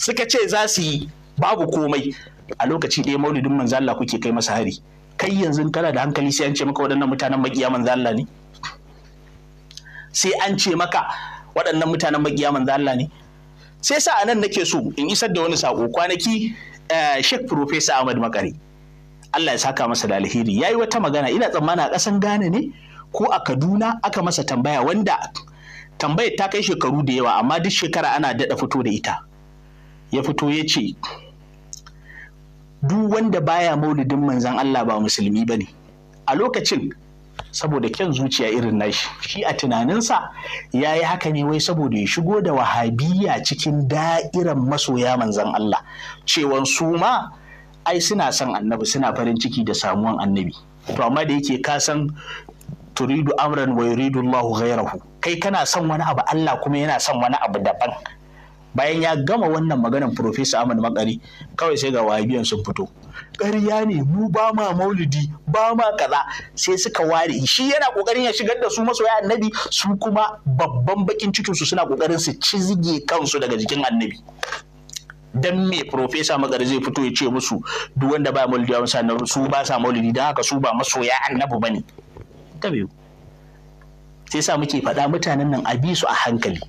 suka ce za su yi babu komai a lokaci ɗaya maulidin manzo Allah kuke kai masa hari kai yanzu kana da hankali sai an ce maka waɗannan mutanen Magiya manzo Allah ne sai an ce maka waɗannan mutanen Magiya manzo Allah ne sai sa anan nake so in isar da wani sako kwanaki eh, Sheikh Professor Ahmad Makari Allah ya saka masa da alheri yayi wata magana ina tsammana a ƙasan Ghana ne ko a Kaduna aka masa tambaya wanda tambayar ta kai shekaru da yawa amma duk shekara ana daɗa fito da ita ya fito ya ce duk wanda baya maulidin manzan Allah ba musulmi ba ne a lokacin saboda kyan zuciya irin nashi shi a tunaninsa ya yi haka ne wai saboda ya shigo da wahabiyya cikin da'iran masoya manzan Allah cewan su ma ai suna son annabi suna farin ciki da samuwan annabi to amma da yake ka san turidu amran wa yuridu Allahu ghayrahu kai kana son wani abu Allah kuma yana son wani abu daban bayan ya gama wannan maganar Profesa Ahmad Makari kawai sai ga wahabiyan sun fito ƙarya ne mu ba ma maulidi ba ma kaza sai suka ware shi yana kokarin ya shigar da su masoya annabi su kuma babban bakin cikin su suna kokarin su cizge kansu daga jikin annabi dan me Profesa Makari zai fito ya ce musu duk wanda ba maulidi ya su ba sa maulidi dan haka su ba masoya annabi bane ta biyu sai sa muke faɗa mutanen nan a bi su a hankali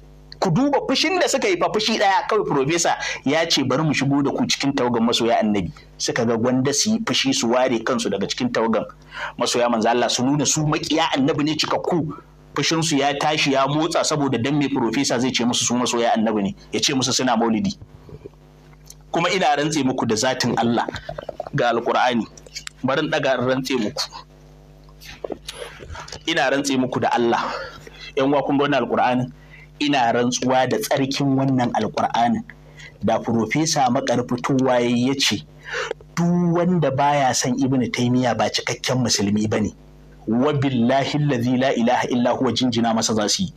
ku duba fushin da suka yi fa fushi ɗaya kawai profesa ya ce bari mu shigo da ku cikin tawagan masoya annabi suka ga gwanda su yi fushi su ware kansu daga cikin tawagan masoya manzo Allah su nuna su makiya annabi ne cikakku fushinsu ya tashi ya motsa saboda dan mai profesa zai ce musu su masoya annabi ne ya ce musu suna maulidi kuma ina rantse muku da zatin Allah ga alkur'ani barin daga rantse muku ina rantse muku da Allah yan wa kun ga wannan ina rantsuwa da tsarkin wannan alƙur'anin da Furofesa Makar fitowa ya ce duk wanda baya son Ibn taimiya ba cikakken musulmi bane wa billahi allazi la ilaha illa huwa jinjina masa za su yi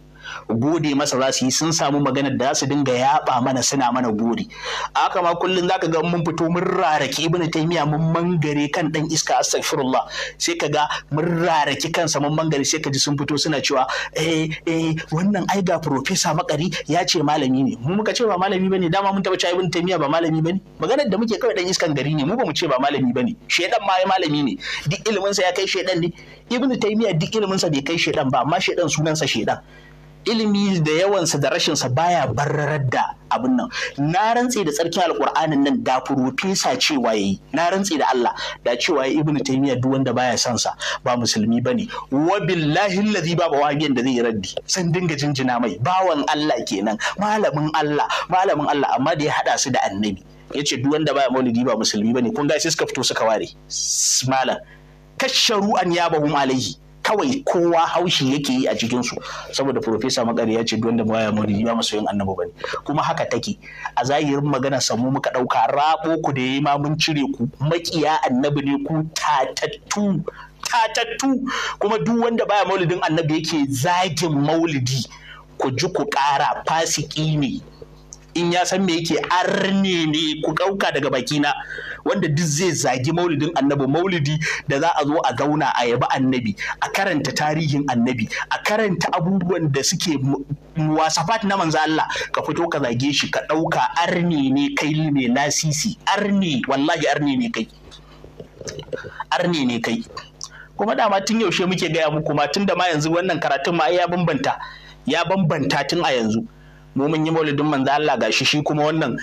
gode masa za su yi sun samu magana da su dinga yaba mana suna mana gode aka ma kullun zaka ga mun fito mun rarake ibn taymiya mun mangare kan dan iska astaghfirullah sai ka ga mun rarake kansa mun mangare sai ka ji sun fito suna cewa eh eh wannan ai ga professor makari ya ce malami ne mu muka ce ba malami bane dama mun taba cewa ibn taymiya ba malami bane maganar da muke kawai dan iskan gari ne mu ba mu ce ba malami bane shedan ma ya malami ne duk ilimin sa ya kai shedan ne ibn taymiya duk ilimin sa bai kai shedan ba amma shedan sa shedan ilimi da yawansa da rashinsa baya barrarar da abin nan na rantse da tsarkin alkur'anin nan da furofesa cewa yayi na rantse da Allah da cewa ya ibnu taymiya duk wanda baya son sa ba musulmi bane wa billahi allazi ba da zai raddi sun dinga jinjina mai bawan Allah kenan malamin Allah malamin Allah amma da ya hada su da annabi yace duk wanda baya maulidi ba musulmi bane kun ga sai suka fito suka ware malam kasharu an yabahum alaihi kawai kowa haushi yake yi a cikin su saboda profesa makari ya ce duwanda baya murji ba yin annabu bane kuma haka take a zahirin magana samu muka dauka rabo ku da yayi ma mun cire ku makiya annabi ne ku tatattu tatattu kuma duk wanda baya maulidin annabi yake zagin maulidi ku ji ku ƙara fasiki ne in ya san me yake arne ne ku ɗauka daga bakina wanda duk zai zagi maulidin annabi maulidi da za a zo a zauna a yabi annabi a karanta tarihin annabi a karanta abubuwan da suke wasafat na manzo Allah ka fito ka zage shi ka ɗauka arne ne kai ne lasisi arne wallahi arne ne kai arne ne kai kuma dama tun yaushe muke gaya muku ma tun da ma yanzu wannan karatun ma ya bambanta ya bambanta tun a yanzu mu mun yi maulidin manzo Allah gashi shi kuma wannan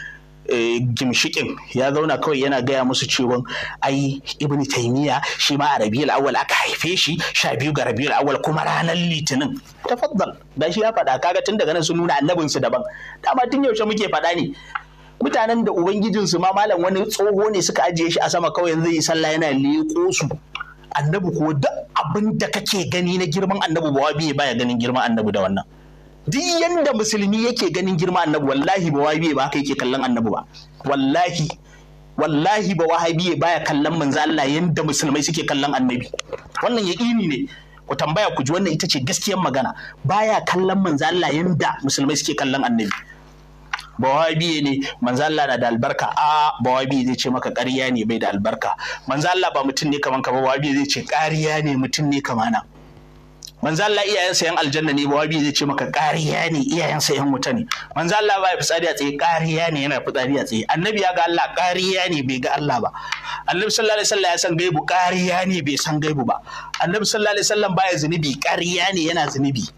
eh, gimshikin ya zauna kawai yana gaya musu cewa ai ibn taymiya shi ma a rabiul awwal aka haife shi sha biyu ga rabiul awwal kuma ranar litinin tafaddal da shi ya faɗa kaga tun daga nan sun nuna annabin su daban dama tun yaushe muke faɗa ne mutanen da ubangijinsu ma malam wani tsoho ne suka ajiye shi a sama kawai yanzu yi sallah yana leƙo su annabi Ko duk abinda kake gani na girman annabi ba wa baya ganin girman annabi da wannan duk yanda musulmi yake ganin girma annabi wallahi ba wahabiye ba haka yake kallon annabi ba wallahi wallahi ba wahabiye baya kallon manzo Allah yanda musulmai suke kallon annabi wannan yaqini ne ku tambaya ku ji wannan ita ce gaskiyar magana baya kallon manzo Allah yanda musulmai suke kallon annabi biye ne manzo Allah na da albarka a biye zai ce maka ƙarya ne bai da albarka manzo Allah ba mutum ne kaman ka biye zai ce ƙarya ne mutum ne kamana manzo Allah iyayensa yan aljanna ne bawabi zai ce maka ƙariya ne iyayensa yan wuta ne manzo Allah ba ya fitsari a tsaye ƙariya ne yana fitsari a tsaye annabi ya ga Allah ƙariya ne bai ga Allah ba annabi sallallahu alaihi wasallam ya san gaibu ƙariya ne bai san gaibu ba annabi sallallahu alaihi wasallam baya zunubi ƙariya ne yana zunubi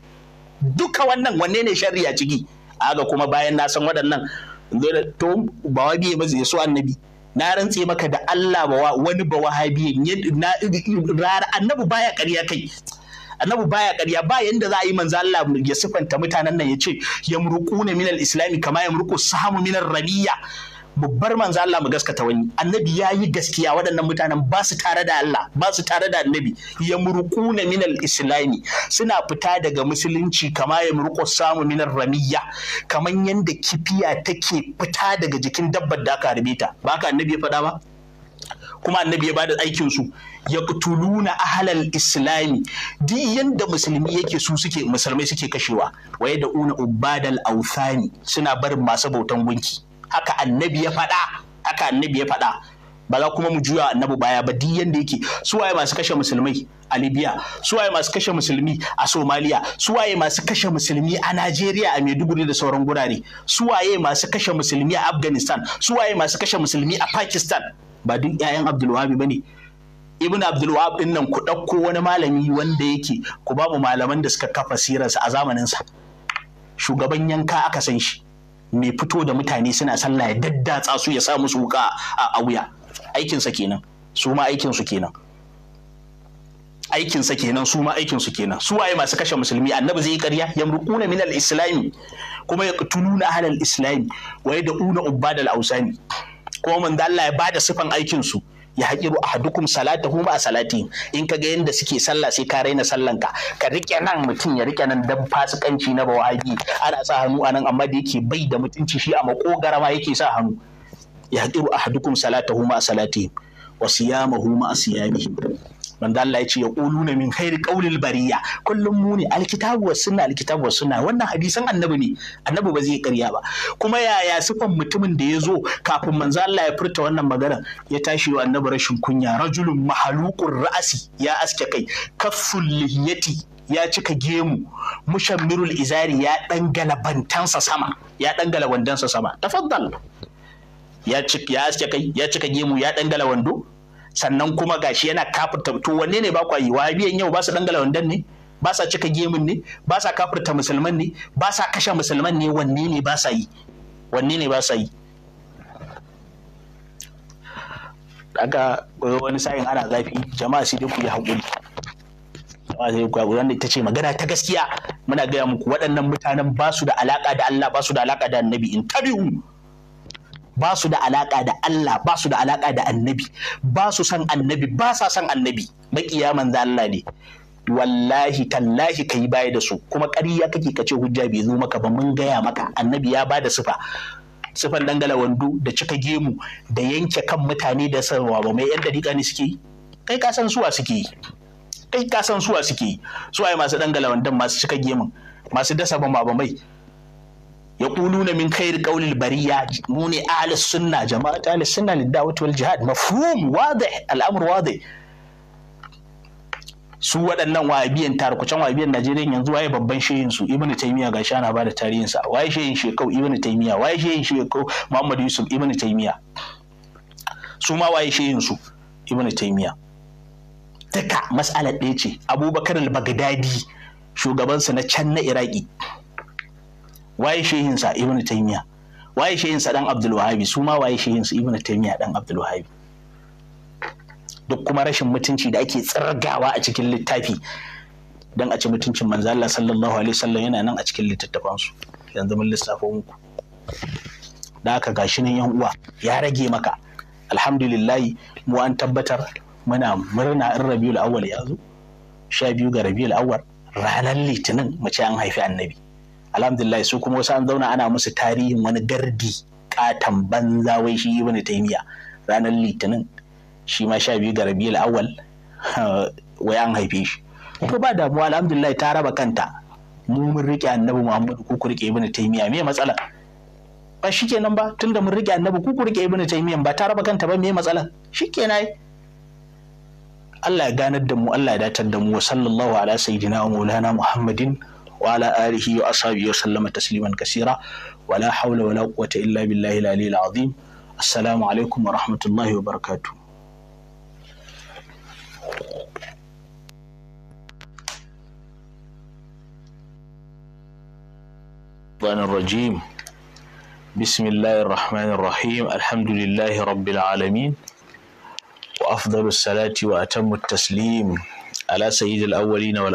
duka wannan wanne ne sharri a ciki aga kuma bayan na san waɗannan to bawabi ya mazi so annabi na rantse maka da Allah ba wani ba rara annabi baya ƙarya kai annabi baya ƙarya ba yanda za a yi manzo Allah ya sifanta mutanen nan ya ce ne minal islami kama yamruqu sahamu minar rabiya mu manzo Allah mu gaskata wani annabi ya yi gaskiya waɗannan mutanen ba su tare da Allah ba su tare da annabi ya murƙuna minal islami suna fita daga musulunci kama ya murko samu minar ramiya kamar yadda kifiya take fita daga jikin dabbar da aka harbe ta ba ka annabi ya faɗa ba kuma annabi ya bada aikin su na ahlal islami duk yanda musulmi yake su suke musulmai suke kashewa da Una ubadal authani suna barin masu bautan gunki haka annabi ya faɗa haka annabi ya faɗa ba za kuma mu juya annabi baya ba duk yadda yake su waye masu kashe musulmai a Libya su waye masu kashe musulmi a Somalia su waye masu kashe musulmi a Najeriya a Maiduguri da sauran gurare su waye masu kashe musulmi a Afghanistan su waye masu kashe musulmi a Pakistan ba duk 'ya'yan Abdulwahabi ne. ibn abdul wahab din nan ku ɗauko wani malami wanda yake ku babu malaman da suka kafa sirarsa a zamanin sa shugaban yanka aka san shi mai fito da mutane suna sallah ya daddatsa su ya sa musu wuka a wuya aikinsa kenan su ma aikinsu kenan aikinsa kenan su ma aikinsu kenan su waye masu kashe musulmi annabi zai yi ƙarya yamruquna minal islami kuma ya tununa ahlal islami wa yad'una ubadal ausani kuma manzo Allah ya bada sifan aikinsu su ya haƙiru salata huma a salati in ka ga yadda suke sallah sai ka raina sallanka ka ka rike nan mutum ya rike nan dan fasikanci na bawahi ana sa hannu a nan amma da yake bai da mutunci shi a makogara ma yake sa hannu ya haƙiru salata huma a salati wa siyamahu ma siyamihi manzo Allah ya ce ya quluna min khairi qawlil bariya kullum mu ne alkitabu was sunna alkitabu sunna wannan hadisan annabi ne annabi ba zai karya ba kuma yaya sifan mutumin da ya zo kafin manzo Allah ya furta wannan magana ya tashi wa annabi rashin kunya rajulun mahaluqur ra'asi ya aske kai kafful lihiyati ya cika gemu mushammirul izari ya dangala bantansa sama ya dangala wandansa sama tafaddal ya ya aske kai ya cika gemu ya dangala wando sannan kuma gashi yana kafirta to wanne ne ba kwa yi biyan yau ba su dangala wandan ne ba sa cika gemun ne ba sa kafirta musulman ne ba sa kashe musulman ne wanne ne ba sa yi wanne ne ba sa yi daga wani sa'in ana zafi jama'a sai dai ku yi hakuri. jama'a sai ku haƙuri wanda ita ce magana ta gaskiya muna gaya muku waɗannan mutanen ba su da alaƙa da Allah ba su da alaƙa da annabi in tabi'u ba su da alaƙa da Allah ba su da alaka da annabi ba su san annabi ba sa san annabi makiya manzo Allah ne wallahi tallahi kai baya da su kuma ƙarya kake kace hujja bai zo maka ba mun gaya maka annabi ya bada sifa sifan dangala wando da cika gemu da yanke kan mutane da sarwa ba mai yan dariƙa ne suke kai ka san suwa suke kai ka san suwa suke suwaye masu dangala wandon masu cika gemun masu dasa ba mai ya na min khair qawlil bariya mu ne ahli sunna jama'a ahli sunna ni da'wati wal jihad mafhum wadih al'amr wadih su waɗannan wahabiyan tarkucen wahabiyan Najeriya yanzu waye babban shehin su Ibn Taymiyyah gashi ana bada tarihin sa waye shehin Shekau Ibn taymiya waye shehin Shekau Muhammad Yusuf Ibn taymiya su ma waye shehin su Ibn taymiya taka mas'alar ɗaya ce Abubakar al-Baghdadi shugabansa na can na Iraki waye shehin sa ibn taymiya waye shehin sa dan abdul wahabi su ma waye shehin su ibn taymiya dan abdul wahabi duk kuma rashin mutunci da ake tsirgawa a cikin littafi dan a ci mutuncin manzo Allah sallallahu alaihi wasallam yana nan a cikin littattafan su yanzu mun lissafa muku da aka gashi nan yan uwa ya rage maka alhamdulillah mu an tabbatar muna murna in rabiul awwal ya sha biyu ga rabiul awwal ranar litinin mace an haifi annabi alhamdulillah su kuma wasu an zauna ana musu tarihin wani gardi katon banza wai shi wani taimiya ranar litinin shi ma sha biyu ga rabiul awwal wai an haife shi to ba damuwa alhamdulillah ta raba kanta mu mun rike annabi muhammadu ko ku rike ibnu taimiya me matsala ba shikenan ba tunda mun rike annabi ku ku rike ibnu taimiya ba ta raba kanta ba me matsala shikenan Allah ya ganar da mu Allah ya datar da mu wa sallallahu ala sayyidina wa maulana muhammadin وعلى آله وأصحابه وسلم تسليما كثيرا ولا حول ولا قوة إلا بالله العلي العظيم السلام عليكم ورحمة الله وبركاته الرجيم بسم الله الرحمن الرحيم الحمد لله رب العالمين وأفضل الصلاة وأتم التسليم على سيد الأولين والآخرين